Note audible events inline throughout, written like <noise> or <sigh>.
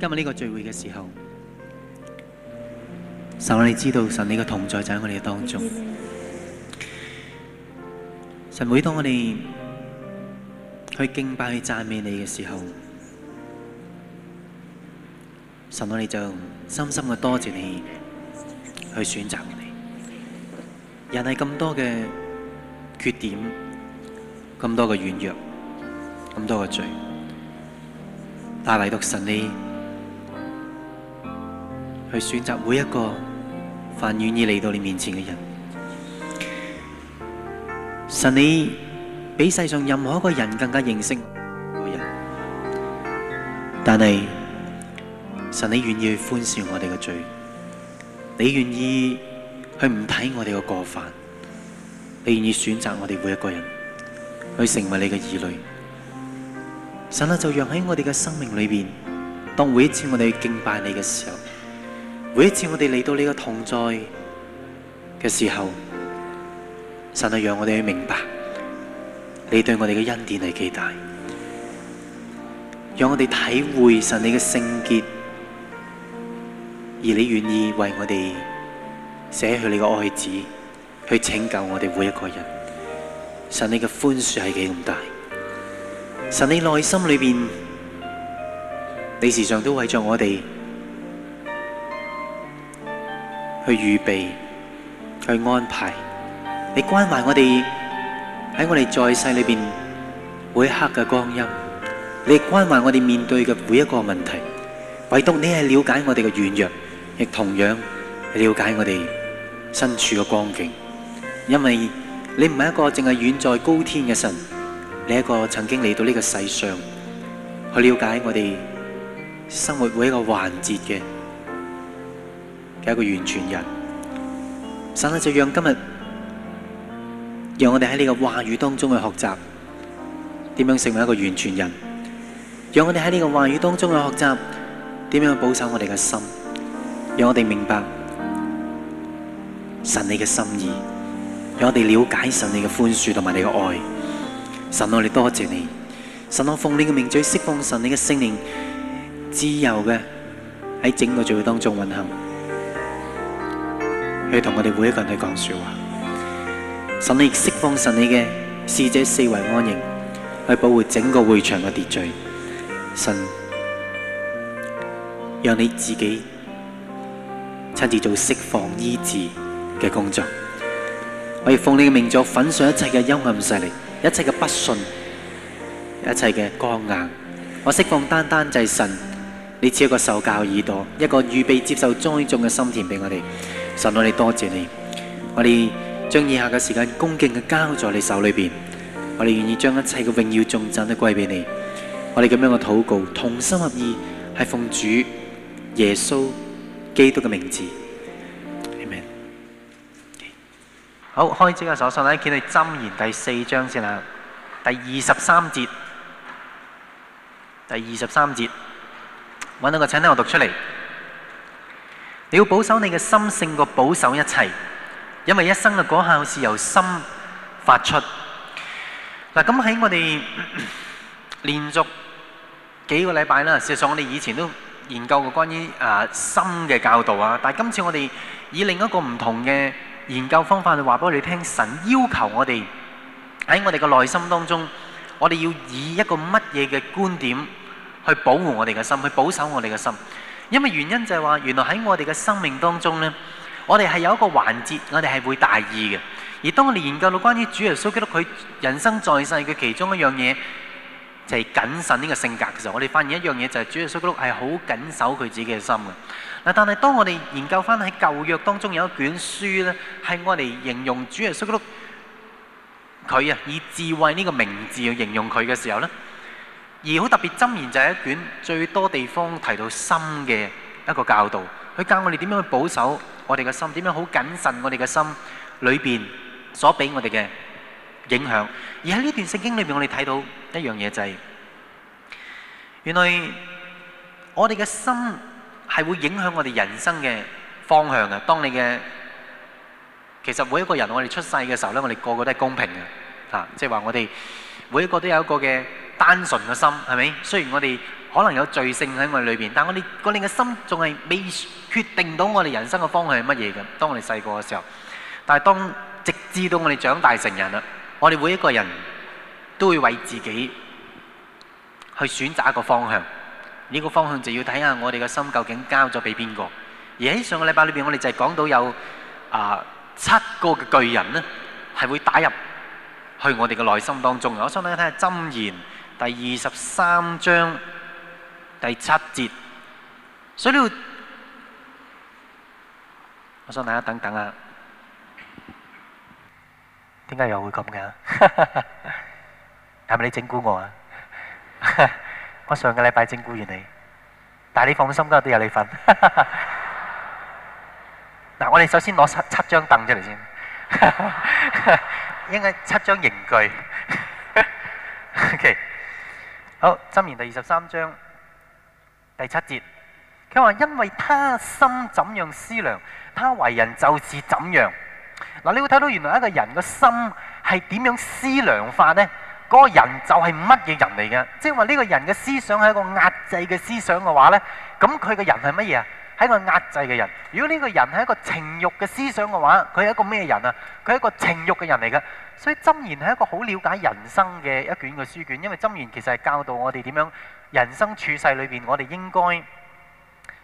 今日呢個聚會嘅時候，神，我哋知道神你嘅同在就喺我哋嘅當中。神，每當我哋去敬拜去讚美你嘅時候，神，我哋就深深嘅多謝你去選擇我哋。人係咁多嘅缺點，咁多嘅軟弱，咁多嘅罪，但係唯獨神你。去選擇每一個凡願意嚟到你面前嘅人，神你比世上任何一個人更加認識每人，但係神你願意去寬恕我哋嘅罪，你願意去唔睇我哋嘅過犯，你願意選擇我哋每一個人去成為你嘅兒女，神啊，就讓喺我哋嘅生命裏邊，當每一次我哋敬拜你嘅時候。每一次我哋嚟到呢個痛哉嘅時候，神啊，讓我哋去明白你對我哋嘅恩典係幾大，讓我哋體會神你嘅聖潔，而你願意為我哋寫去你個愛子去拯救我哋每一個人，神你嘅寬恕係幾咁大，神你內心裏邊，你時常都為著我哋。去預備，去安排，你關懷我哋喺我哋在世裏邊每一刻嘅光陰，你關懷我哋面對嘅每一個問題，唯獨你係了解我哋嘅軟弱，亦同樣係了解我哋身處嘅光景，因為你唔係一個淨係遠在高天嘅神，你係一個曾經嚟到呢個世上去了解我哋生活每一個環節嘅。嘅一個完全人，神啊！就讓今日，讓我哋喺呢個話語當中去學習點樣成為一個完全人，讓我哋喺呢個話語當中去學習點樣保守我哋嘅心，讓我哋明白神你嘅心意，讓我哋了解神你嘅寬恕同埋你嘅愛。神我哋多謝，謝你，神我奉你嘅名嘴，最釋放神你嘅聖靈，自由嘅喺整個聚會當中運行。去同我哋每一個人去講說話。神，你釋放神你嘅使者四圍安營，去保護整個會場嘅秩序。神，讓你自己親自做釋放醫治嘅工作。我要奉你嘅名作，粉碎一切嘅陰暗勢力，一切嘅不順，一切嘅剛硬。我釋放單單就係神，你似一個受教耳朵，一個預備接受栽種嘅心田俾我哋。神，我哋多謝你，我哋將以下嘅時間恭敬嘅交在你手裏邊，我哋願意將一切嘅榮耀頌讚都歸俾你，我哋咁樣嘅禱告，同心合意，係奉主耶穌基督嘅名字，阿門。Okay. 好，開始嘅手信，我哋見《你箴言》第四章先啦，第二十三節，第二十三節，揾到個請聽我讀出嚟。你要保守你嘅心，勝過保守一切，因為一生嘅果效是由心發出。嗱，咁喺我哋連續幾個禮拜啦，事實上我哋以前都研究過關於啊心嘅教導啊，但係今次我哋以另一個唔同嘅研究方法去話俾你聽，神要求我哋喺我哋嘅內心當中，我哋要以一個乜嘢嘅觀點去保護我哋嘅心，去保守我哋嘅心。因為原因就係話，原來喺我哋嘅生命當中呢，我哋係有一個環節，我哋係會大意嘅。而當我哋研究到關於主耶穌基督佢人生在世嘅其中一樣嘢，就係謹慎呢個性格嘅時候，我哋發現一樣嘢就係主耶穌基督係好謹守佢自己嘅心嘅。嗱，但係當我哋研究翻喺舊約當中有一卷書呢，係我哋形容主耶穌基督佢啊以智慧呢個名字去形容佢嘅時候呢。而好特別箴言就係一卷最多地方提到心嘅一個教導，佢教我哋點樣去保守我哋嘅心，點樣好謹慎我哋嘅心裏邊所俾我哋嘅影響。而喺呢段聖經裏面，我哋睇到一樣嘢就係，原來我哋嘅心係會影響我哋人生嘅方向嘅。當你嘅，其實每一個人，我哋出世嘅時候咧，我哋個個都係公平嘅，啊，即係話我哋每一個都有一個嘅。單純嘅心係咪？雖然我哋可能有罪性喺我哋裏邊，但我哋個另個心仲係未決定到我哋人生嘅方向係乜嘢嘅。當我哋細個嘅時候，但係當直至到我哋長大成人啦，我哋每一個人都會為自己去選擇一個方向。呢個方向就要睇下我哋嘅心究竟交咗俾邊個。而喺上個禮拜裏邊，我哋就係講到有啊七個嘅巨人呢，係會打入去我哋嘅內心當中嘅。我想大家睇下箴言。第二十三章第七節，所以呢度，我想等一等，等等啊，點解又會咁嘅？係咪你整蠱我啊？我上個禮拜整蠱完你，但係你放心，今日都有你份。嗱，我哋首先攞七七張凳出嚟先，應該七張刑具。OK。好，箴言第二十三章第七節，佢話，因為他心怎樣思量，他為人就是怎樣。嗱，你會睇到原來一個人嘅心係點樣思量法呢？嗰、那個人就係乜嘢人嚟嘅？即係話呢個人嘅思想係一個壓制嘅思想嘅話呢，咁佢嘅人係乜嘢啊？係一個壓制嘅人，如果呢個人係一個情欲嘅思想嘅話，佢係一個咩人啊？佢係一個情欲嘅人嚟嘅。所以《箴言》係一個好了解人生嘅一卷嘅書卷，因為《箴言》其實係教導我哋點樣人生處世裏邊，我哋應該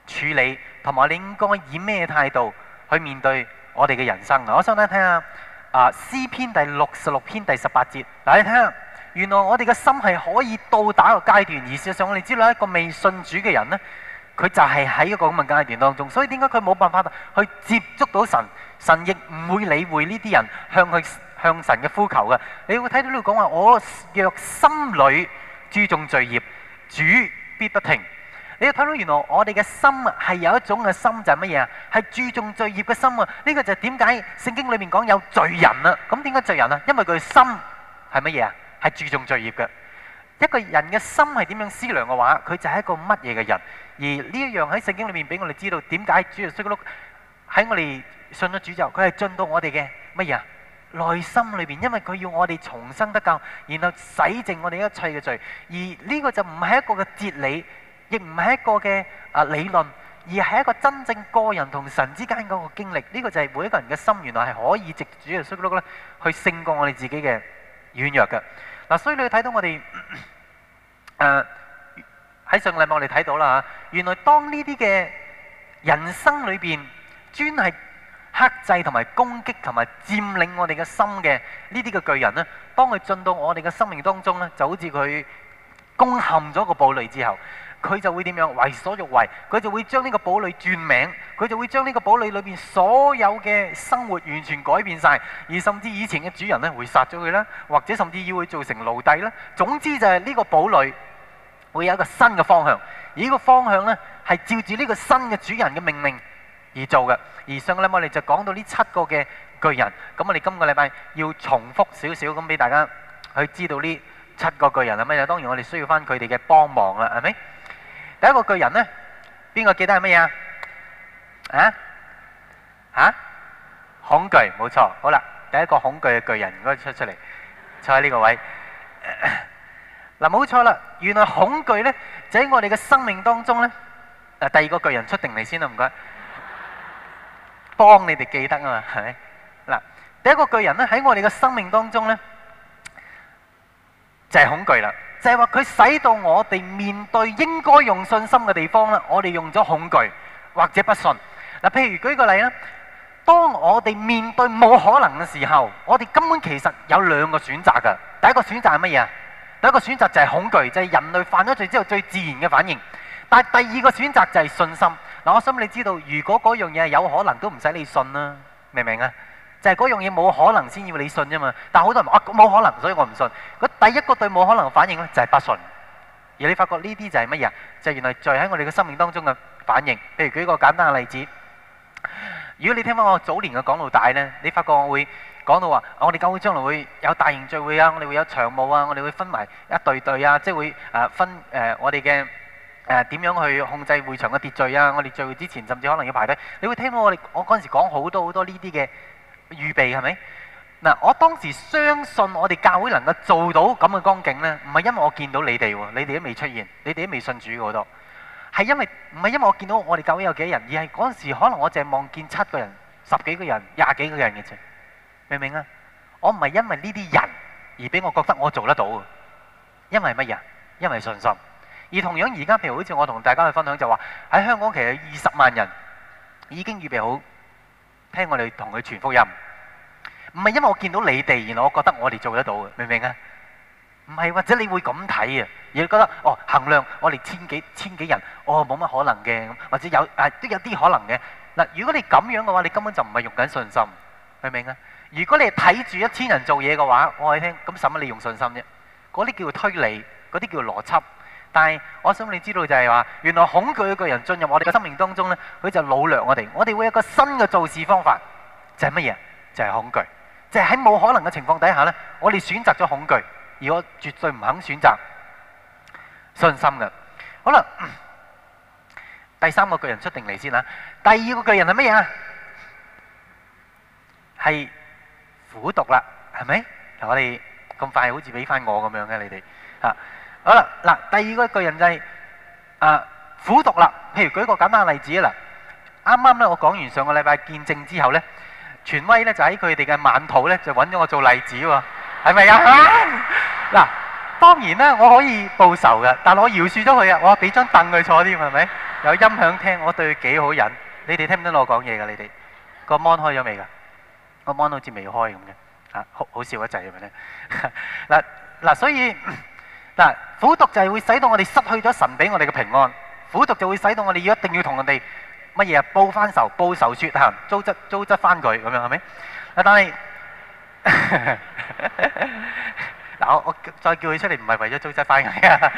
處理，同埋你應該以咩態度去面對我哋嘅人生啊！我想睇下啊，《詩篇》第六十六篇第十八節，嗱，你睇下，原來我哋嘅心係可以到達一個階段，而事實上我哋知道一個未信主嘅人呢。佢就係喺一個咁嘅階段當中，所以點解佢冇辦法去接觸到神？神亦唔會理會呢啲人向佢向神嘅呼求嘅。你會睇到呢度講話，我若心裏注重罪孽，主必不聽。你睇到原來我哋嘅心係有一種嘅心就係乜嘢啊？係注重罪孽嘅心啊！呢個就點解聖經裏面講有罪人啊？咁點解罪人啊？因為佢心係乜嘢啊？係注重罪孽嘅。一個人嘅心係點樣思量嘅話，佢就係一個乜嘢嘅人？而呢一樣喺聖經裏面俾我哋知道，點解主耶穌基督喺我哋信咗主就佢係進到我哋嘅乜嘢啊？內心裏邊，因為佢要我哋重生得救，然後洗淨我哋一切嘅罪。而呢個就唔係一個嘅哲理，亦唔係一個嘅啊理論，而係一個真正個人同神之間嗰個經歷。呢、這個就係每一個人嘅心原來係可以藉主耶穌基督咧去勝過我哋自己嘅軟弱嘅。嗱，所以你睇到我哋誒。呃喺上禮我哋睇到啦。原來當呢啲嘅人生裏邊，專係克制同埋攻擊同埋佔領我哋嘅心嘅呢啲嘅巨人咧，當佢進到我哋嘅生命當中咧，就好似佢攻陷咗個堡壘之後，佢就會點樣為所欲為。佢就會將呢個堡壘轉名，佢就會將呢個堡壘裏邊所有嘅生活完全改變晒，而甚至以前嘅主人咧會殺咗佢啦，或者甚至要佢做成奴隸啦。總之就係呢個堡壘。會有一個新嘅方向，而呢個方向呢係照住呢個新嘅主人嘅命令而做嘅。而上個禮拜我哋就講到呢七個嘅巨人，咁我哋今個禮拜要重複少少咁俾大家去知道呢七個巨人係乜嘢。當然我哋需要翻佢哋嘅幫忙啦，係咪？第一個巨人呢，邊個記得係乜嘢啊？吓？恐懼，冇錯。好啦，第一個恐懼嘅巨人，應該出出嚟，坐喺呢個位。嗱，冇錯啦，原來恐懼呢就喺我哋嘅生命當中呢。嗱，第二個巨人出定嚟先啦，唔該。幫你哋記得啊嘛，係咪？嗱，第一個巨人呢喺我哋嘅生命當中呢，就係恐懼啦，就係話佢使到我哋面對應該用信心嘅地方啦，我哋用咗恐懼或者不信。嗱，譬如舉個例啦，當我哋面對冇可能嘅時候，我哋根本其實有兩個選擇㗎。第一個選擇係乜嘢啊？第一個選擇就係恐懼，就係人類犯咗罪之後最自然嘅反應。但係第二個選擇就係信心。嗱，我想你知道，如果嗰樣嘢係有可能，都唔使你信啦，明唔明啊？就係嗰樣嘢冇可能，先要你信啫嘛。但係好多人，啊，冇可能，所以我唔信。佢第一個對冇可能嘅反應咧，就係不信。而你發覺呢啲就係乜嘢啊？就係原來罪喺我哋嘅生命當中嘅反應。譬如舉一個簡單嘅例子，如果你聽翻我早年嘅講道帶咧，你發覺我會。講到話，我哋教會將來會有大型聚會啊，我哋會有長務啊，我哋會分埋一隊隊啊，即係會誒分誒、呃、我哋嘅誒點樣去控制會場嘅秩序啊，我哋聚會之前甚至可能要排隊。你會聽到我哋我嗰陣時講好多好多呢啲嘅預備係咪？嗱、嗯，我當時相信我哋教會能夠做到咁嘅光景呢，唔係因為我見到你哋喎，你哋都未出現，你哋都未信主好多。係因為唔係因為我見到我哋教會有幾多人，而係嗰陣時候可能我淨係望見七個人、十幾個人、廿幾個人嘅啫。明唔明啊？我唔係因為呢啲人而俾我覺得我做得到，因為乜嘢？因為信心。而同樣而家譬如好似我同大家去分享就話喺香港其實二十萬人已經預備好聽我哋同佢傳福音，唔係因為我見到你哋，然後我覺得我哋做得到，明唔明啊？唔係或者你會咁睇啊？而你覺得哦，衡量我哋千幾千幾人，我冇乜可能嘅，或者有、啊、都有啲可能嘅。嗱，如果你咁樣嘅話，你根本就唔係用緊信心，明唔明啊？如果你睇住一千人做嘢嘅話，我哋聽咁使乜你用信心啫？嗰啲叫推理，嗰啲叫做邏輯。但係我想你知道就係、是、話，原來恐懼嘅巨人進入我哋嘅生命當中呢，佢就擄掠我哋。我哋會有一個新嘅做事方法，就係乜嘢？就係、是、恐懼，就係喺冇可能嘅情況底下呢，我哋選擇咗恐懼，而我絕對唔肯選擇信心嘅。好啦、嗯，第三個巨人出定嚟先啦。第二個巨人係乜嘢啊？係。苦毒啦，係咪？我哋咁快好似俾翻我咁樣嘅你哋啊，好啦，嗱，第二個一個人就係啊苦毒啦。譬如舉個簡單例子啊，嗱，啱啱咧我講完上個禮拜見證之後咧，權威咧就喺佢哋嘅漫圖咧就揾咗我做例子喎，係咪啊？嗱，當然啦，我可以報仇嘅，但我饒恕咗佢啊，我俾張凳佢坐添，係咪？有音響聽，我對佢幾好忍。你哋聽唔聽到我講嘢㗎？你哋個 mon 開咗未㗎？個芒好似未開咁嘅，嚇，好好笑一陣咁樣咧。嗱嗱，所以嗱苦毒就係會使到我哋失去咗神俾我哋嘅平安，苦毒就會使到我哋要一定要同人哋乜嘢啊報翻仇、報仇雪恨、糟質糟質翻佢咁樣，係咪？啊，但係嗱，我我再叫佢出嚟唔係為咗糟質翻佢啊。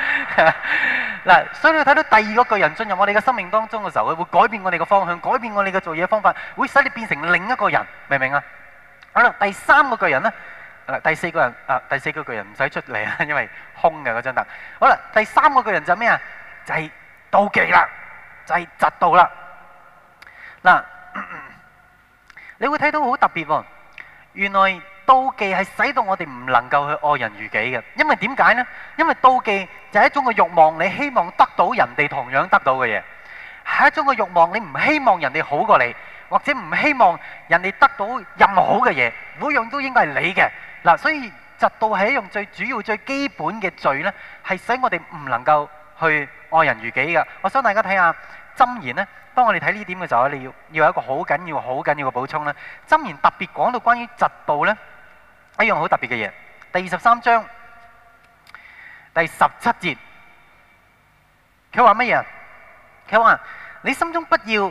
嗱，所以你睇到第二嗰個人進入我哋嘅生命當中嘅時候，佢會改變我哋嘅方向，改變我哋嘅做嘢方法，會使你變成另一個人，明唔明啊？好啦，第三個巨人咧，第四個人啊，第四個巨人唔使出嚟啦，因為空嘅嗰張凳。好啦，第三個巨人就咩啊？就係妒忌啦，就係嫉妒啦。嗱，你會睇到好特別喎。原來妒忌係使到我哋唔能夠去愛人如己嘅，因為點解咧？因為妒忌就係一種嘅慾望，你希望得到人哋同樣得到嘅嘢，係一種嘅慾望，你唔希望人哋好過你。或者唔希望人哋得到任何好嘅嘢，每樣都應該係你嘅。嗱，所以嫉妒係一種最主要、最基本嘅罪咧，係使我哋唔能夠去愛人如己嘅。我想大家睇下《箴言》咧，當我哋睇呢點嘅時候咧，你要要有一個好緊要、好緊要嘅補充咧，《箴言》特別講到關於嫉妒咧一樣好特別嘅嘢，第二十三章第十七節，佢話乜嘢？佢話：你心中不要。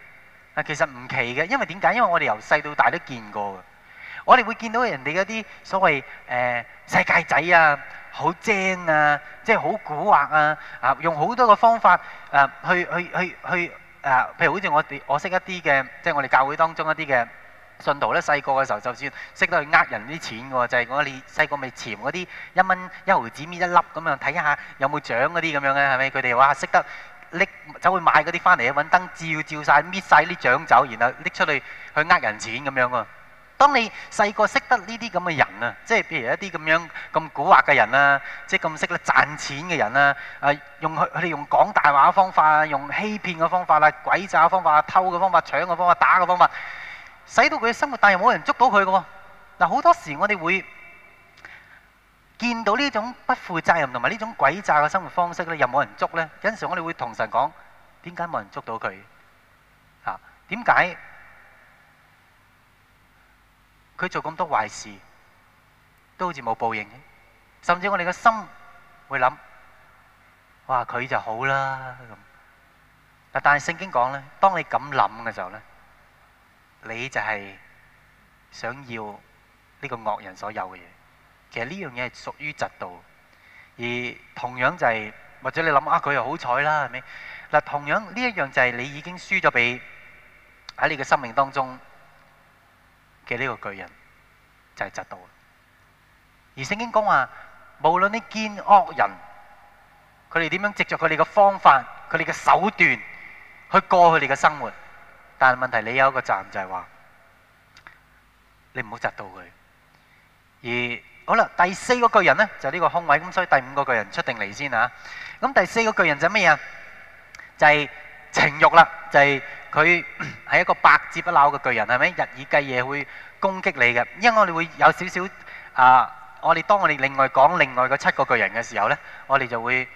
嗱，其實唔奇嘅，因為點解？因為我哋由細到大都見過嘅。我哋會見到人哋嗰啲所謂誒、呃、世界仔啊，好精啊，即係好蠱惑啊，啊用好多嘅方法啊去去去去啊，譬如好似我哋我識一啲嘅，即係我哋教會當中一啲嘅信徒咧，細個嘅時候就算識得去呃人啲錢嘅喎，就係我哋細個未潛嗰啲一蚊一毫子咪一粒咁樣睇一下有冇獎嗰啲咁樣嘅，係咪？佢哋哇識得。拎走去買嗰啲翻嚟啊！搵燈照照晒，搣晒啲獎酒，然後拎出去去呃人錢咁樣啊！當你細個識得呢啲咁嘅人啊，即係譬如一啲咁樣咁蠱惑嘅人啊，即係咁識得賺錢嘅人啦，啊用佢佢哋用講大話嘅方法啊，用欺騙嘅方法啦，鬼詐嘅方法，偷嘅方法，搶嘅方法，打嘅方法，使到佢嘅生活，但係冇人捉到佢嘅喎。嗱，好多時我哋會。見到呢種不負責任同埋呢種詭詐嘅生活方式咧，又冇人捉咧，有陣時我哋會同神講：點解冇人捉到佢？啊，點解佢做咁多壞事都好似冇報應？甚至我哋嘅心會諗：哇，佢就好啦咁。嗱，但係聖經講咧，當你咁諗嘅時候咧，你就係想要呢個惡人所有嘅嘢。其實呢樣嘢係屬於嫉妒，而同樣就係、是、或者你諗下，佢、啊、又好彩啦，係咪？嗱同樣呢一樣就係你已經輸咗俾喺你嘅生命當中嘅呢個巨人，就係嫉妒。而聖經講話，無論你見惡人佢哋點樣藉着佢哋嘅方法、佢哋嘅手段去過佢哋嘅生活，但係問題你有一個責任，就係話你唔好嫉妒佢，而。好啦，第四個巨人咧就呢個空位，咁所以第五個巨人出定嚟先啊！咁第四個巨人就咩啊？就係情慾啦，就係佢係一個百折不撓嘅巨人，係咪？日以繼夜會攻擊你嘅，因為我哋會有少少啊！我哋當我哋另外講另外個七個巨人嘅時候咧，我哋就會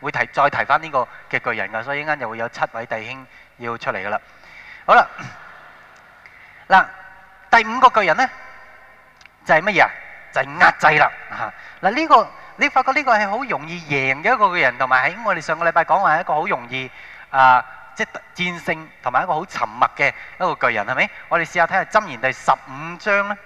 會提再提翻呢個嘅巨人噶，所以一陣間就會有七位弟兄要出嚟噶啦。好啦，嗱第五個巨人咧就係乜嘢啊？就係壓制啦嚇！嗱、啊、呢、這個你發覺呢個係好容易贏嘅一個巨人，同埋喺我哋上個禮拜講話係一個好容易啊，即戰勝同埋一個好沉默嘅一個巨人，係咪、呃？我哋試下睇下箴言第十五章啦。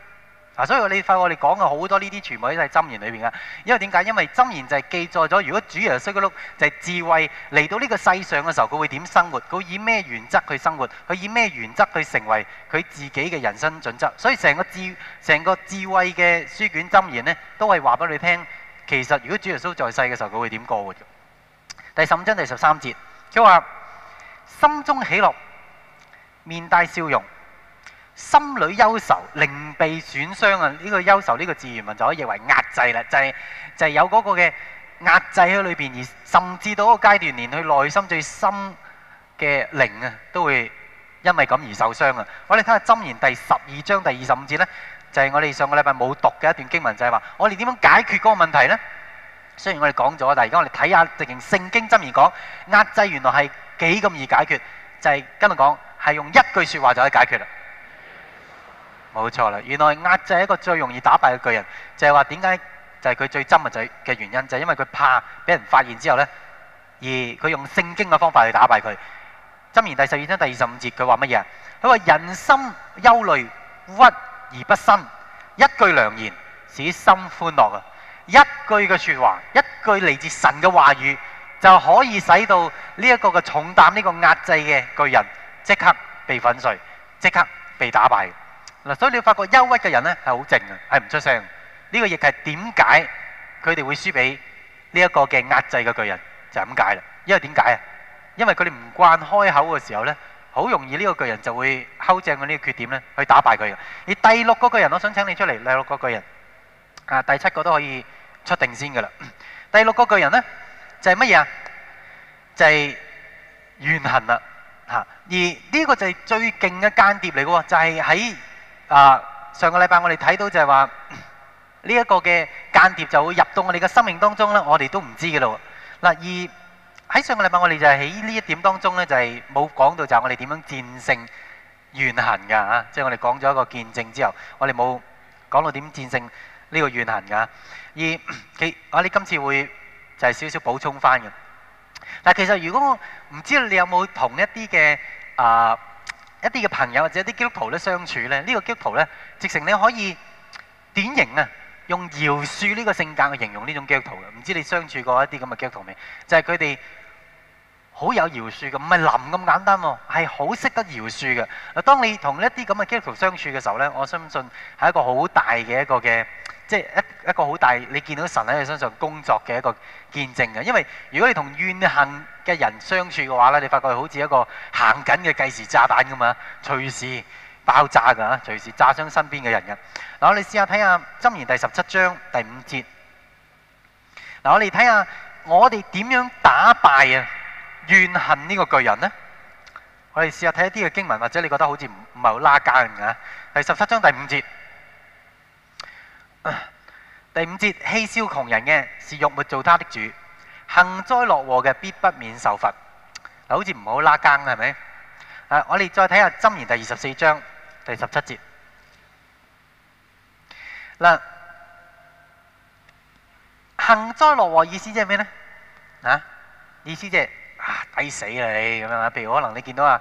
嗱，所以我你發覺我哋講嘅好多呢啲，全部喺曬《箴言》裏邊嘅。因為點解？因為《箴言》就係記載咗，如果主耶穌基督就係智慧嚟到呢個世上嘅時候，佢會點生活？佢以咩原則去生活？佢以咩原則去成為佢自己嘅人生準則？所以成個智成個智慧嘅書卷《箴言》呢，都係話俾你聽。其實如果主耶穌在世嘅時候，佢會點過活嘅？第十五章第十三節，佢話：心中喜樂，面帶笑容。心裏憂愁，靈被損傷啊！呢、這個憂愁，呢、這個字原文就可以認為壓制啦，就係、是、就係、是、有嗰個嘅壓制喺裏邊，而甚至到嗰個階段，連佢內心最深嘅靈啊，都會因為咁而受傷啊！我哋睇下《箴言》第十二章第二十五節呢，就係、是、我哋上個禮拜冇讀嘅一段經文，就係、是、話我哋點樣解決嗰個問題咧？雖然我哋講咗，但係而家我哋睇下直情聖經針講《箴言》講壓制原來係幾咁易解決，就係、是、今日講係用一句説話就可以解決啦。冇錯啦！原來壓制一個最容易打敗嘅巨人，就係話點解就係、是、佢最針嘅原因，就係、是、因為佢怕俾人發現之後呢。而佢用聖經嘅方法去打敗佢。箴言第十二章第二十五節，佢話乜嘢？佢話人心憂慮屈而不伸，一句良言使心歡樂啊！一句嘅説話，一句嚟自神嘅話語，就可以使到呢一個嘅重擔，呢、這個壓制嘅巨人即刻被粉碎，即刻被打敗。嗱，所以你發覺憂鬱嘅人咧係好靜嘅，係唔出聲。呢個亦係點解佢哋會輸俾呢一個嘅壓制嘅巨人就係咁解啦。因為點解啊？因為佢哋唔慣開口嘅時候咧，好容易呢個巨人就會敲正佢呢個缺點咧，去打敗佢嘅。而第六個巨人，我想請你出嚟。第六個巨人啊，第七個都可以出定先㗎啦。第六個巨人咧就係乜嘢啊？就係怨恨啦嚇。而呢個就係最勁嘅間諜嚟嘅喎，就係喺。啊！上個禮拜我哋睇到就係話呢一個嘅間諜就會入到我哋嘅生命當中咧，我哋都唔知嘅咯。嗱，而喺上個禮拜我哋就係喺呢一點當中咧，就係冇講到就係我哋點樣戰勝怨恨噶嚇。即係我哋講咗一個見證之後，我哋冇講到點戰勝呢個怨恨噶。而我哋啊，今次會就係少少補充翻嘅。但、啊、其實如果唔知你有冇同一啲嘅啊？一啲嘅朋友或者一啲基督徒咧，相處咧，呢個基督徒咧，直情你可以典型啊，用饒恕呢個性格去形容呢種基督徒嘅。唔知你相處過一啲咁嘅基督徒未？就係佢哋。好有饒恕嘅，唔係林咁簡單喎，係好識得饒恕嘅。嗱，當你同一啲咁嘅基督徒相處嘅時候呢，我相信係一個好大嘅一個嘅，即係一一個好大，你見到神喺你身上工作嘅一個見證嘅。因為如果你同怨恨嘅人相處嘅話呢，你發覺好似一個行緊嘅計時炸彈咁啊，隨時爆炸嘅啊，隨時炸傷身邊嘅人嘅。嗱， <music> 我哋試下睇下《箴言》第十七章第五節。嗱，我哋睇下我哋點樣打敗啊，怨恨呢個巨人呢？我哋試下睇一啲嘅經文，或者你覺得好似唔唔係好拉更嘅。第十七章第五節，第五節欺、啊、笑窮人嘅是欲沒做他的主，幸災樂禍嘅必不免受罰。好似唔好拉更嘅係咪？啊，我哋再睇下《箴言》第二十四章第十七節。嗱、嗯，幸災樂禍意思即係咩呢？啊，意思即係。啊、抵死你咁樣，譬如可能你見到啊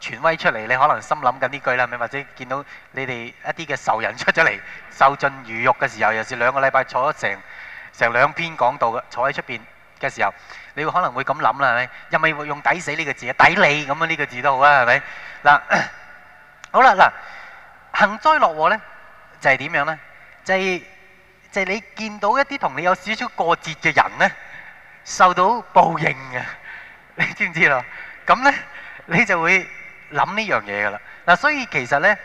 權威出嚟，你可能心諗緊呢句啦，咪？或者見到你哋一啲嘅仇人出咗嚟，受盡魚肉嘅時候，又是兩個禮拜坐咗成成兩篇講道嘅，坐喺出邊嘅時候，你可能會咁諗啦，係咪？又咪會用抵死呢個字啊，抵你咁樣呢個字都好啊，係咪？嗱，好啦，嗱，幸災樂禍咧，就係點樣咧？就係就係你見到一啲同你有少少過節嘅人咧，受到報應啊！你知唔知咯？咁咧，你就會諗呢樣嘢噶啦。嗱，所以其實咧，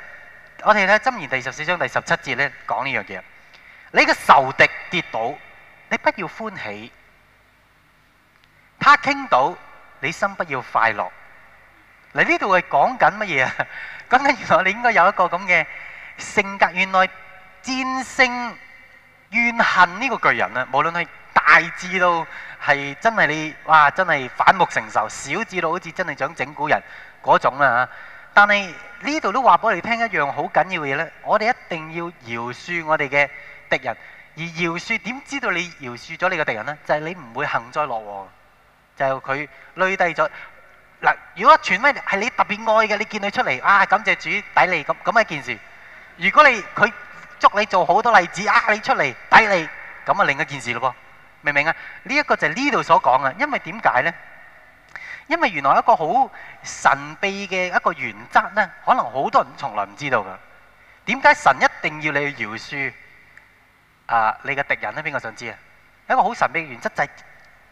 我哋咧《箴言》第十四章第十七節咧講呢樣嘢。你嘅仇敵跌倒，你不要歡喜；他傾倒，你心不要快樂。嗱，呢度係講緊乜嘢啊？講緊原來你應該有一個咁嘅性格，原來戰勝。怨恨呢個巨人啊，無論係大致到係真係你，哇真係反目成仇；小至到好似真係想整蠱人嗰種啊！但係呢度都話俾我哋聽一樣好緊要嘅嘢咧，我哋一定要饒恕我哋嘅敵人。而饒恕點知道你饒恕咗你個敵人咧？就係你唔會幸災樂禍，就係佢累低咗嗱。如果傳威係你特別愛嘅，你見佢出嚟啊，感謝主抵你咁咁一件事。如果你佢。捉你做好多例子啊！你出嚟睇你，咁啊另一件事咯噃，明唔明啊？呢、這、一個就係呢度所講嘅，因為點解咧？因為原來一個好神秘嘅一個原則咧，可能好多人從來唔知道噶。點解神一定要你去饒恕啊？你嘅敵人咧，邊個想知啊？一個好神秘嘅原則就係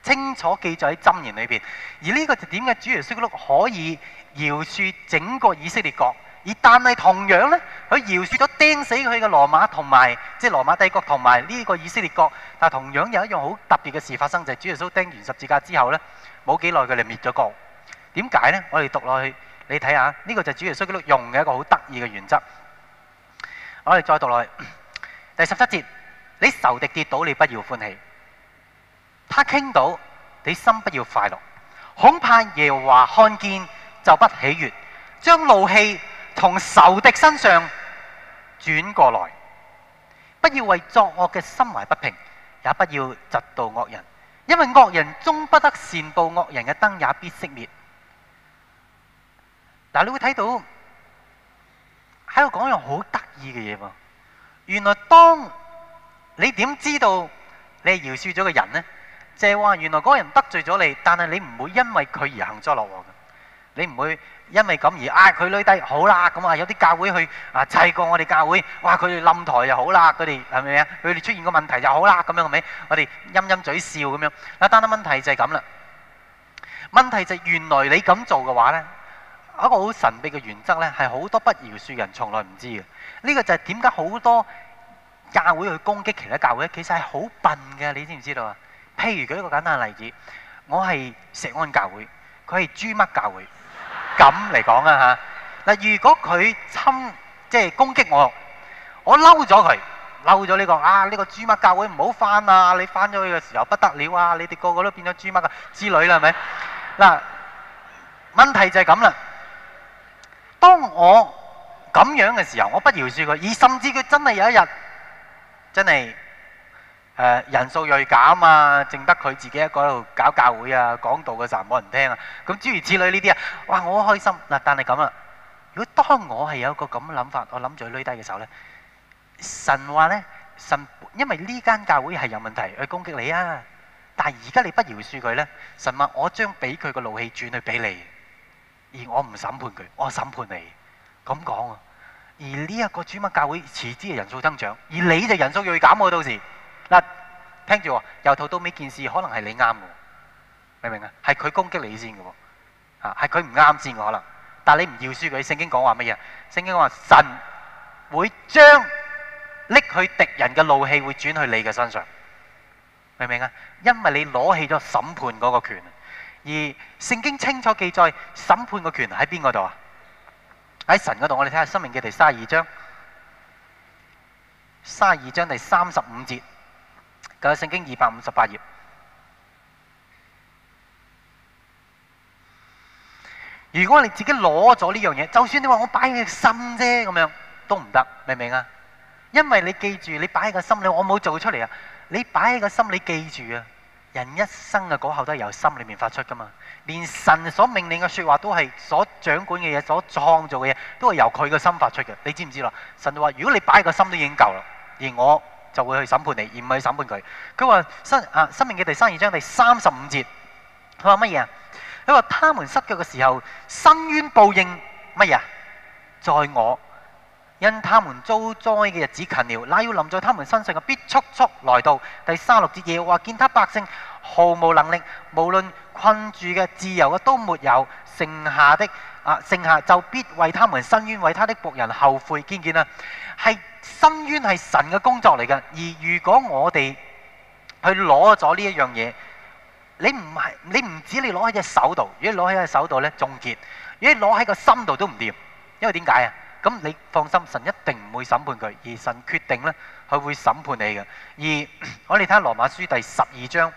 清楚記載喺箴言裏邊，而呢個就點解主耶穌基督可以饒恕整個以色列國。而但係同樣咧，佢饒恕咗釘死佢嘅羅馬同埋，即係羅馬帝國同埋呢個以色列國。但係同樣有一樣好特別嘅事發生，就係、是、主耶穌釘完十字架之後咧，冇幾耐佢哋滅咗國。點解咧？我哋讀落去，你睇下呢個就係主耶穌用嘅一個好得意嘅原則。我哋再讀落去，第十七節：你仇敵跌倒，你不要歡喜；他傾倒，你心不要快樂。恐怕耶和華看見就不喜悅，將怒氣，從仇敵身上轉過來，不要為作惡嘅心懷不平，也不要嫉妒惡人，因為惡人終不得善報，惡人嘅燈也必熄滅。嗱，你會睇到喺度講一樣好得意嘅嘢喎，原來當你點知道你係饒恕咗個人呢？就係、是、話，原來嗰個人得罪咗你，但係你唔會因為佢而幸災樂禍嘅，你唔會。因為咁而啊，佢女弟好啦，咁啊有啲教會去啊砌過我哋教會，哇佢哋冧台又好啦，佢哋係咪啊？佢哋出現個問題就好啦，咁樣係咪？我哋陰陰嘴笑咁樣。嗱，單單問題就係咁啦。問題就係原來你咁做嘅話呢，一個好神秘嘅原則呢，係好多不饒恕人從來唔知嘅。呢個就係點解好多教會去攻擊其他教會，其實係好笨嘅，你知唔知道啊？譬如舉一個簡單嘅例子，我係石安教會，佢係朱乜教會。咁嚟講啊嚇！嗱，如果佢侵即係攻擊我，我嬲咗佢，嬲咗呢個啊呢個豬乜教會唔好返啊！你返咗去嘅時候不得了啊！你哋個個都變咗豬乜噶之類啦，係咪？嗱，問題就係咁啦。當我咁樣嘅時候，我不饒恕佢，而甚至佢真係有一日，真係。誒人數鋭減啊，淨得佢自己一個喺度搞教會啊，講道嘅時候冇人聽啊，咁諸如此類呢啲啊，哇！我好開心嗱，但係咁啊，如果當我係有一個咁嘅諗法，我諗住去匿低嘅時候咧，神話咧神，因為呢間教會係有問題去攻擊你啊，但係而家你不饒恕佢咧，神話我將俾佢個怒氣轉去俾你，而我唔審判佢，我審判你，咁講啊，而呢一個專門教會遲啲嘅人數增長，而你就人數鋭減喎，到時。嗱，聽住由頭到尾件事，可能係你啱嘅，明唔明啊？係佢攻擊你先嘅喎，吓係佢唔啱先可能，但係你唔要輸佢。聖經講話乜嘢啊？聖經話神會將拎去敵人嘅怒氣會轉去你嘅身上，明唔明啊？因為你攞起咗審判嗰個權，而聖經清楚記載審判嘅權喺邊個度啊？喺神嗰度。我哋睇下申命記第三十二章，三十二章第三十五節。喺聖經二百五十八頁。如果你自己攞咗呢樣嘢，就算你話我擺喺個心啫，咁樣都唔得，明唔明啊？因為你記住，你擺喺個心裏，我冇做出嚟啊！你擺喺個心裏你記住啊！人一生嘅果效都係由心裏面發出噶嘛。連神所命令嘅說話都係所掌管嘅嘢，所創造嘅嘢都係由佢個心發出嘅，你知唔知啦？神就話：如果你擺喺個心都已經夠啦，而我。就會去審判你，而唔係審判佢。佢話，申啊，申命記嘅第三二章第三十五節，佢話乜嘢啊？佢話他們失腳嘅時候，伸冤報應乜嘢啊？在我因他們遭災嘅日子近了，那要臨在他們身上嘅必速速來到。第三六節又話見他百姓毫無能力，無論困住嘅、自由嘅都沒有，剩下的啊，剩下就必為他們伸冤，為他的僕人後悔。見唔見啊？係。申冤係神嘅工作嚟噶，而如果我哋去攞咗呢一樣嘢，你唔係你唔止你攞喺隻手度，如果攞喺隻手度咧終結；如果攞喺個心度都唔掂，因為點解啊？咁你放心，神一定唔會審判佢，而神決定咧佢會審判你嘅。而我哋睇下羅馬書第十二章，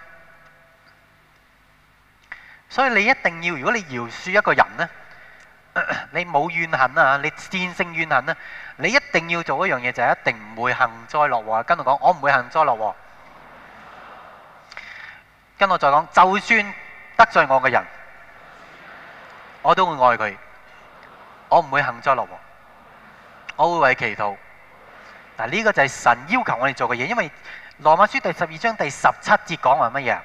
所以你一定要如果你饒恕一個人呢，你冇怨恨啊，你戰勝怨恨咧。你一定要做一樣嘢就係一定唔會幸災樂禍。跟住講，我唔會幸災樂禍。跟住再講，就算得罪我嘅人，我都會愛佢。我唔會幸災樂禍。我會為佢祈禱。嗱，呢個就係神要求我哋做嘅嘢。因為羅馬書第十二章第十七節講話乜嘢？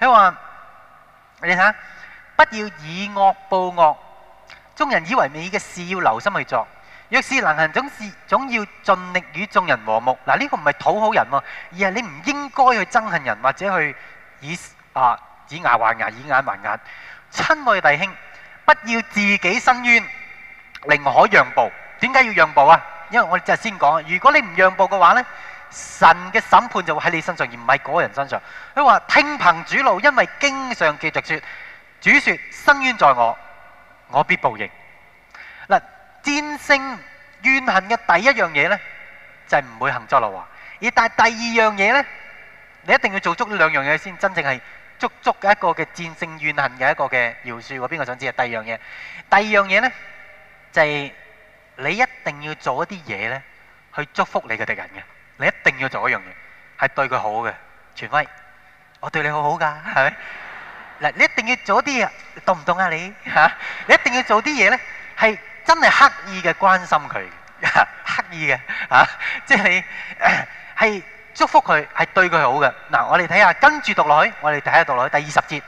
佢話：你睇下，不要以惡報惡。眾人以為美嘅事，要留心去做。若是能行，總是總要盡力與眾人和睦。嗱，呢個唔係討好人喎，而係你唔應該去憎恨人或者去以啊，以牙還牙、以眼還眼。親愛弟兄，不要自己伸冤，寧可讓步。點解要讓步啊？因為我哋就係先講啊。如果你唔讓步嘅話咧，神嘅審判就會喺你身上，而唔係嗰個人身上。佢話聽憑主怒，因為經上記著説：主説伸冤在我，我必報應。戰勝怨恨嘅第一樣嘢咧，就係唔會幸災樂禍；而但係第二樣嘢咧，你一定要做足兩樣嘢先，真正係足足嘅一個嘅戰勝怨恨嘅一個嘅饒恕喎。邊個想知啊？第二樣嘢，第二樣嘢咧，就係你一定要做一啲嘢咧，去祝福你嘅敵人嘅。你一定要做一樣嘢，係對佢好嘅。全威，我對你好好㗎，係咪？嗱，你一定要做啲嘢，動唔動啊你嚇？你一定要做啲嘢咧，係。真係刻意嘅關心佢， <laughs> 刻意嘅嚇、啊，即係你係祝福佢，係對佢好嘅。嗱，我哋睇下跟住讀落去，我哋睇下讀落去第二十節。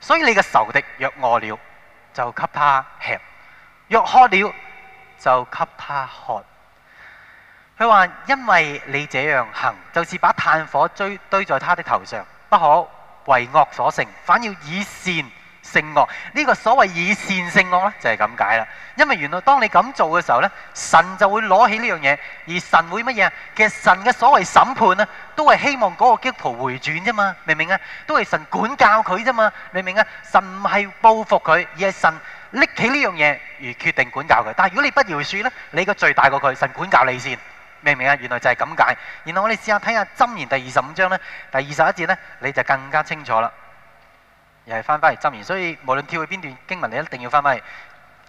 所以你嘅仇敵若餓了，就給他吃；若渴了，就給他喝。佢話：因為你這樣行，就是把炭火堆堆在他的頭上，不可為惡所勝，反要以善勝惡呢個所謂以善勝惡咧，就係咁解啦。因為原來當你咁做嘅時候咧，神就會攞起呢樣嘢，而神會乜嘢啊？其實神嘅所謂審判啊，都係希望嗰個基督徒回轉啫嘛，明唔明啊？都係神管教佢啫嘛，明唔明啊？神唔係報復佢，而係神拎起呢樣嘢而決定管教佢。但係如果你不饒恕咧，你個罪大過佢，神管教你先，明唔明啊？原來就係咁解。然後我哋試下睇下《箴言》第二十五章咧，第二十一節咧，你就更加清楚啦。又係翻翻嚟箴言，所以無論跳去邊段經文，你一定要翻翻嚟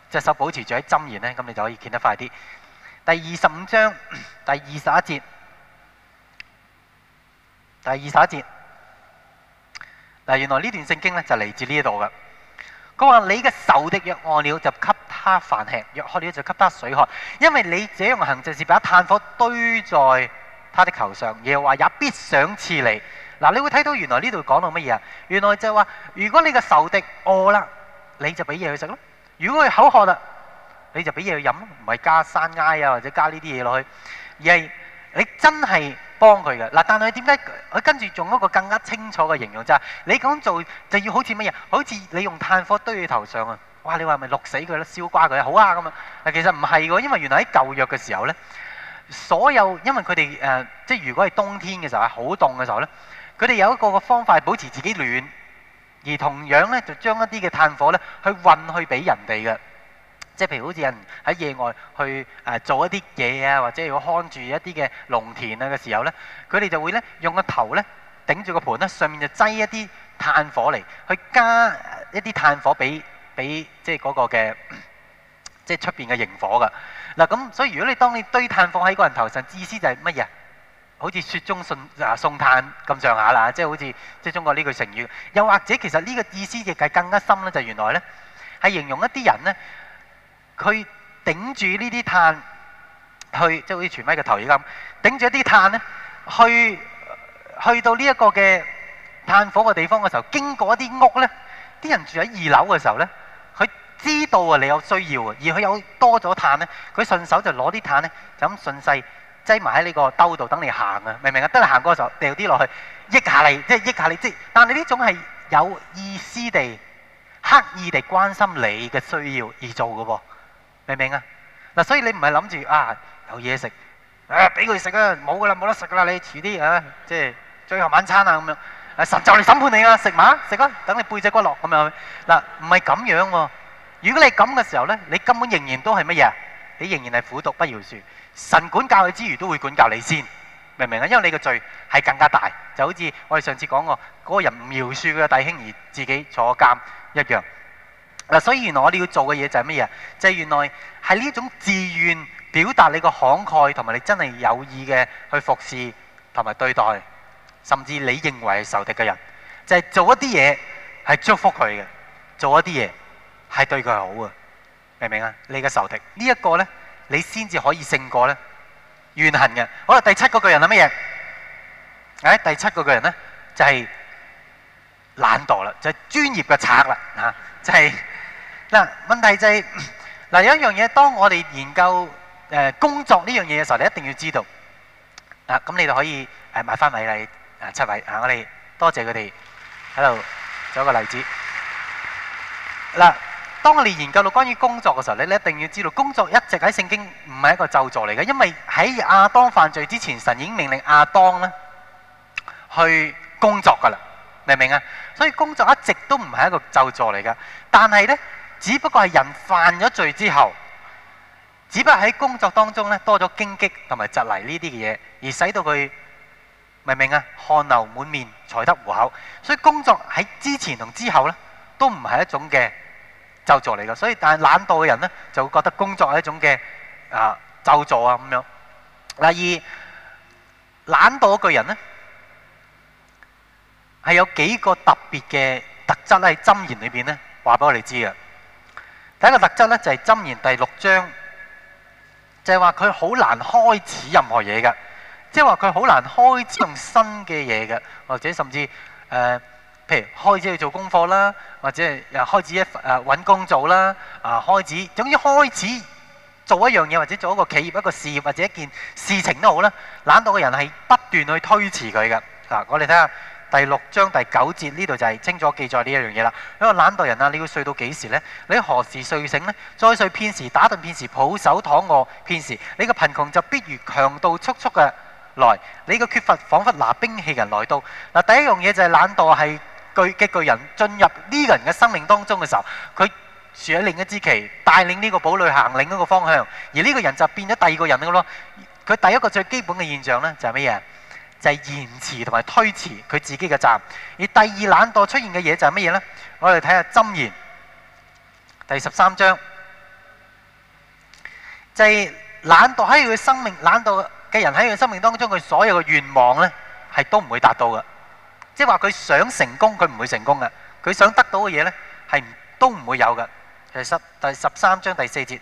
隻手保持住喺箴言咧，咁你就可以見得快啲。第二十五章第二十一節，第二十一節嗱，原來呢段聖經咧就嚟自呢度嘅。佢話：你嘅仇敵若餓了就給他飯吃，若渴了就給他水喝，因為你這樣行，就是把炭火堆在他的頭上。耶和華也必賞賜你。嗱，你會睇到原來呢度講到乜嘢啊？原來就係話，如果你個仇敵餓啦，你就俾嘢佢食咯；如果佢口渴啦，你就俾嘢佢飲，唔係加山埃啊或者加呢啲嘢落去，而係你真係幫佢嘅。嗱，但係點解佢跟住用一個更加清楚嘅形容？就係、是、你咁做就要好似乜嘢？好似你用炭火堆佢頭上啊！哇，你話咪熝死佢咯，燒瓜佢？好啊咁樣！嗱，其實唔係喎，因為原來喺舊約嘅時候咧，所有因為佢哋誒，即係如果係冬天嘅時候，係好凍嘅時候咧。佢哋有一個方法保持自己暖，而同樣咧就將一啲嘅炭火咧去運去俾人哋嘅，即係譬如好似人喺野外去誒、呃、做一啲嘢啊，或者要看住一啲嘅農田啊嘅時候咧，佢哋就會咧用個頭咧頂住個盤咧，上面就擠一啲炭火嚟，去加一啲炭火俾俾即係嗰個嘅即係出邊嘅營火噶。嗱咁，所以如果你當你堆炭火喺一個人頭上，意思就係乜嘢？好似雪中送啊送炭咁上下啦，即係好似即係中國呢句成語。又或者其實呢個意思亦係更加深咧，就係原來咧係形容一啲人咧，佢頂住呢啲炭去，即係好似傳威嘅頭語咁，頂住一啲炭咧，去去到呢一個嘅炭火嘅地方嘅時候，經過一啲屋咧，啲人住喺二樓嘅時候咧，佢知道啊你有需要啊，而佢有多咗炭咧，佢順手就攞啲炭咧，就咁順勢。擠埋喺呢個兜度等你行啊，明唔明啊？等你行嗰時候掉啲落去，益下你，即係益下你。即係，但係呢種係有意思地，刻意地關心你嘅需要而做嘅噃，明唔明啊？嗱，所以你唔係諗住啊有嘢食，啊俾佢食啊，冇啦冇得食啦你，遲啲啊，即係最後晚餐啊咁樣。神就嚟審判你啦，食嘛食啊，等你背脊骨落咁樣。嗱，唔係咁樣喎。如果你咁嘅時候咧，你根本仍然都係乜嘢？你仍然係苦毒不饒恕，神管教佢之餘都會管教你先，明唔明啊？因為你個罪係更加大，就好似我哋上次講過嗰、那個人唔饒恕佢嘅弟兄而自己坐監一樣。嗱，所以原來我哋要做嘅嘢就係乜嘢就係、是、原來喺呢種自願表達你個慷慨同埋你真係有意嘅去服侍同埋對待，甚至你認為係仇敵嘅人，就係、是、做一啲嘢係祝福佢嘅，做一啲嘢係對佢好嘅。明唔明啊？你嘅仇敵呢一個咧，你先至可以勝過咧怨恨嘅。好啦，第七個巨人係乜嘢？誒，第七個巨人咧就係懶惰啦，就係專業嘅賊啦，啊，就係嗱。問題就係嗱有一樣嘢，當我哋研究誒工作呢樣嘢嘅時候，你一定要知道啊。咁你就可以誒買翻埋嚟誒七位啊。我哋多謝佢哋喺度做一個例子。嗱。當你研究到關於工作嘅時候，你一定要知道，工作一直喺聖經唔係一個咒詛嚟嘅，因為喺亞當犯罪之前，神已經命令亞當咧去工作噶啦，明唔明啊？所以工作一直都唔係一個咒詛嚟噶，但係呢，只不過係人犯咗罪之後，只不過喺工作當中咧多咗荊棘同埋蒺藜呢啲嘅嘢，而使到佢明唔明啊？汗流滿面，才得糊口，所以工作喺之前同之後呢，都唔係一種嘅。就做嚟噶，所以但係懶惰嘅人咧，就會覺得工作係一種嘅啊，就做啊咁樣。第二，懶惰嘅人咧，係有幾個特別嘅特質咧，喺箴言裏邊咧，話俾我哋知啊。第一個特質咧，就係箴言第六章，就係話佢好難開始任何嘢嘅，即係話佢好難開始用新嘅嘢嘅，或者甚至誒。譬如開始去做功課啦，或者係又開始一誒揾工做啦，啊開始總之開始做一樣嘢，或者做一個企業、一個事業或者一件事情都好啦。懶惰嘅人係不斷去推遲佢嘅嗱，我哋睇下第六章第九節呢度就係清楚記載呢一樣嘢啦。因為懶惰人啊，你要睡到幾時呢？你何時睡醒呢？再睡片時，打盹片時，抱手躺臥片時，你個貧窮就必如強盜速速嘅來，你個缺乏仿佛拿兵器嘅人來到嗱，啊，第一樣嘢就係懶惰係。巨嘅巨人進入呢個人嘅生命當中嘅時候，佢豎起另一支旗，帶領呢個堡壘行另一個方向，而呢個人就變咗第二個人嘅咯。佢第一個最基本嘅現象呢，就係乜嘢？就係、是、延遲同埋推遲佢自己嘅站。而第二懶惰出現嘅嘢就係乜嘢呢？我哋睇下箴言第十三章，就係、是、懶惰喺佢生命，懶惰嘅人喺佢生命當中，佢所有嘅願望呢，係都唔會達到嘅。即係話佢想成功，佢唔會成功嘅。佢想得到嘅嘢咧，係都唔會有嘅。其實第十三章第四節，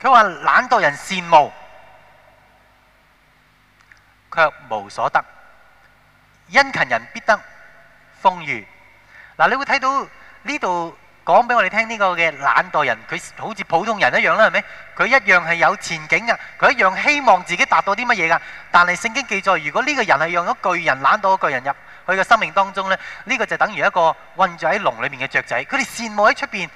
佢話懶惰人羨慕，卻無所得；殷勤人必得豐裕。嗱，你會睇到呢度。講俾我哋聽呢個嘅懶惰人，佢好似普通人一樣啦，係咪？佢一樣係有前景噶，佢一樣希望自己達到啲乜嘢噶。但係聖經記載，如果呢個人係讓咗巨人懶到巨人入去嘅生命當中呢，呢個就等於一個困住喺籠裏面嘅雀仔。佢哋羨慕喺出邊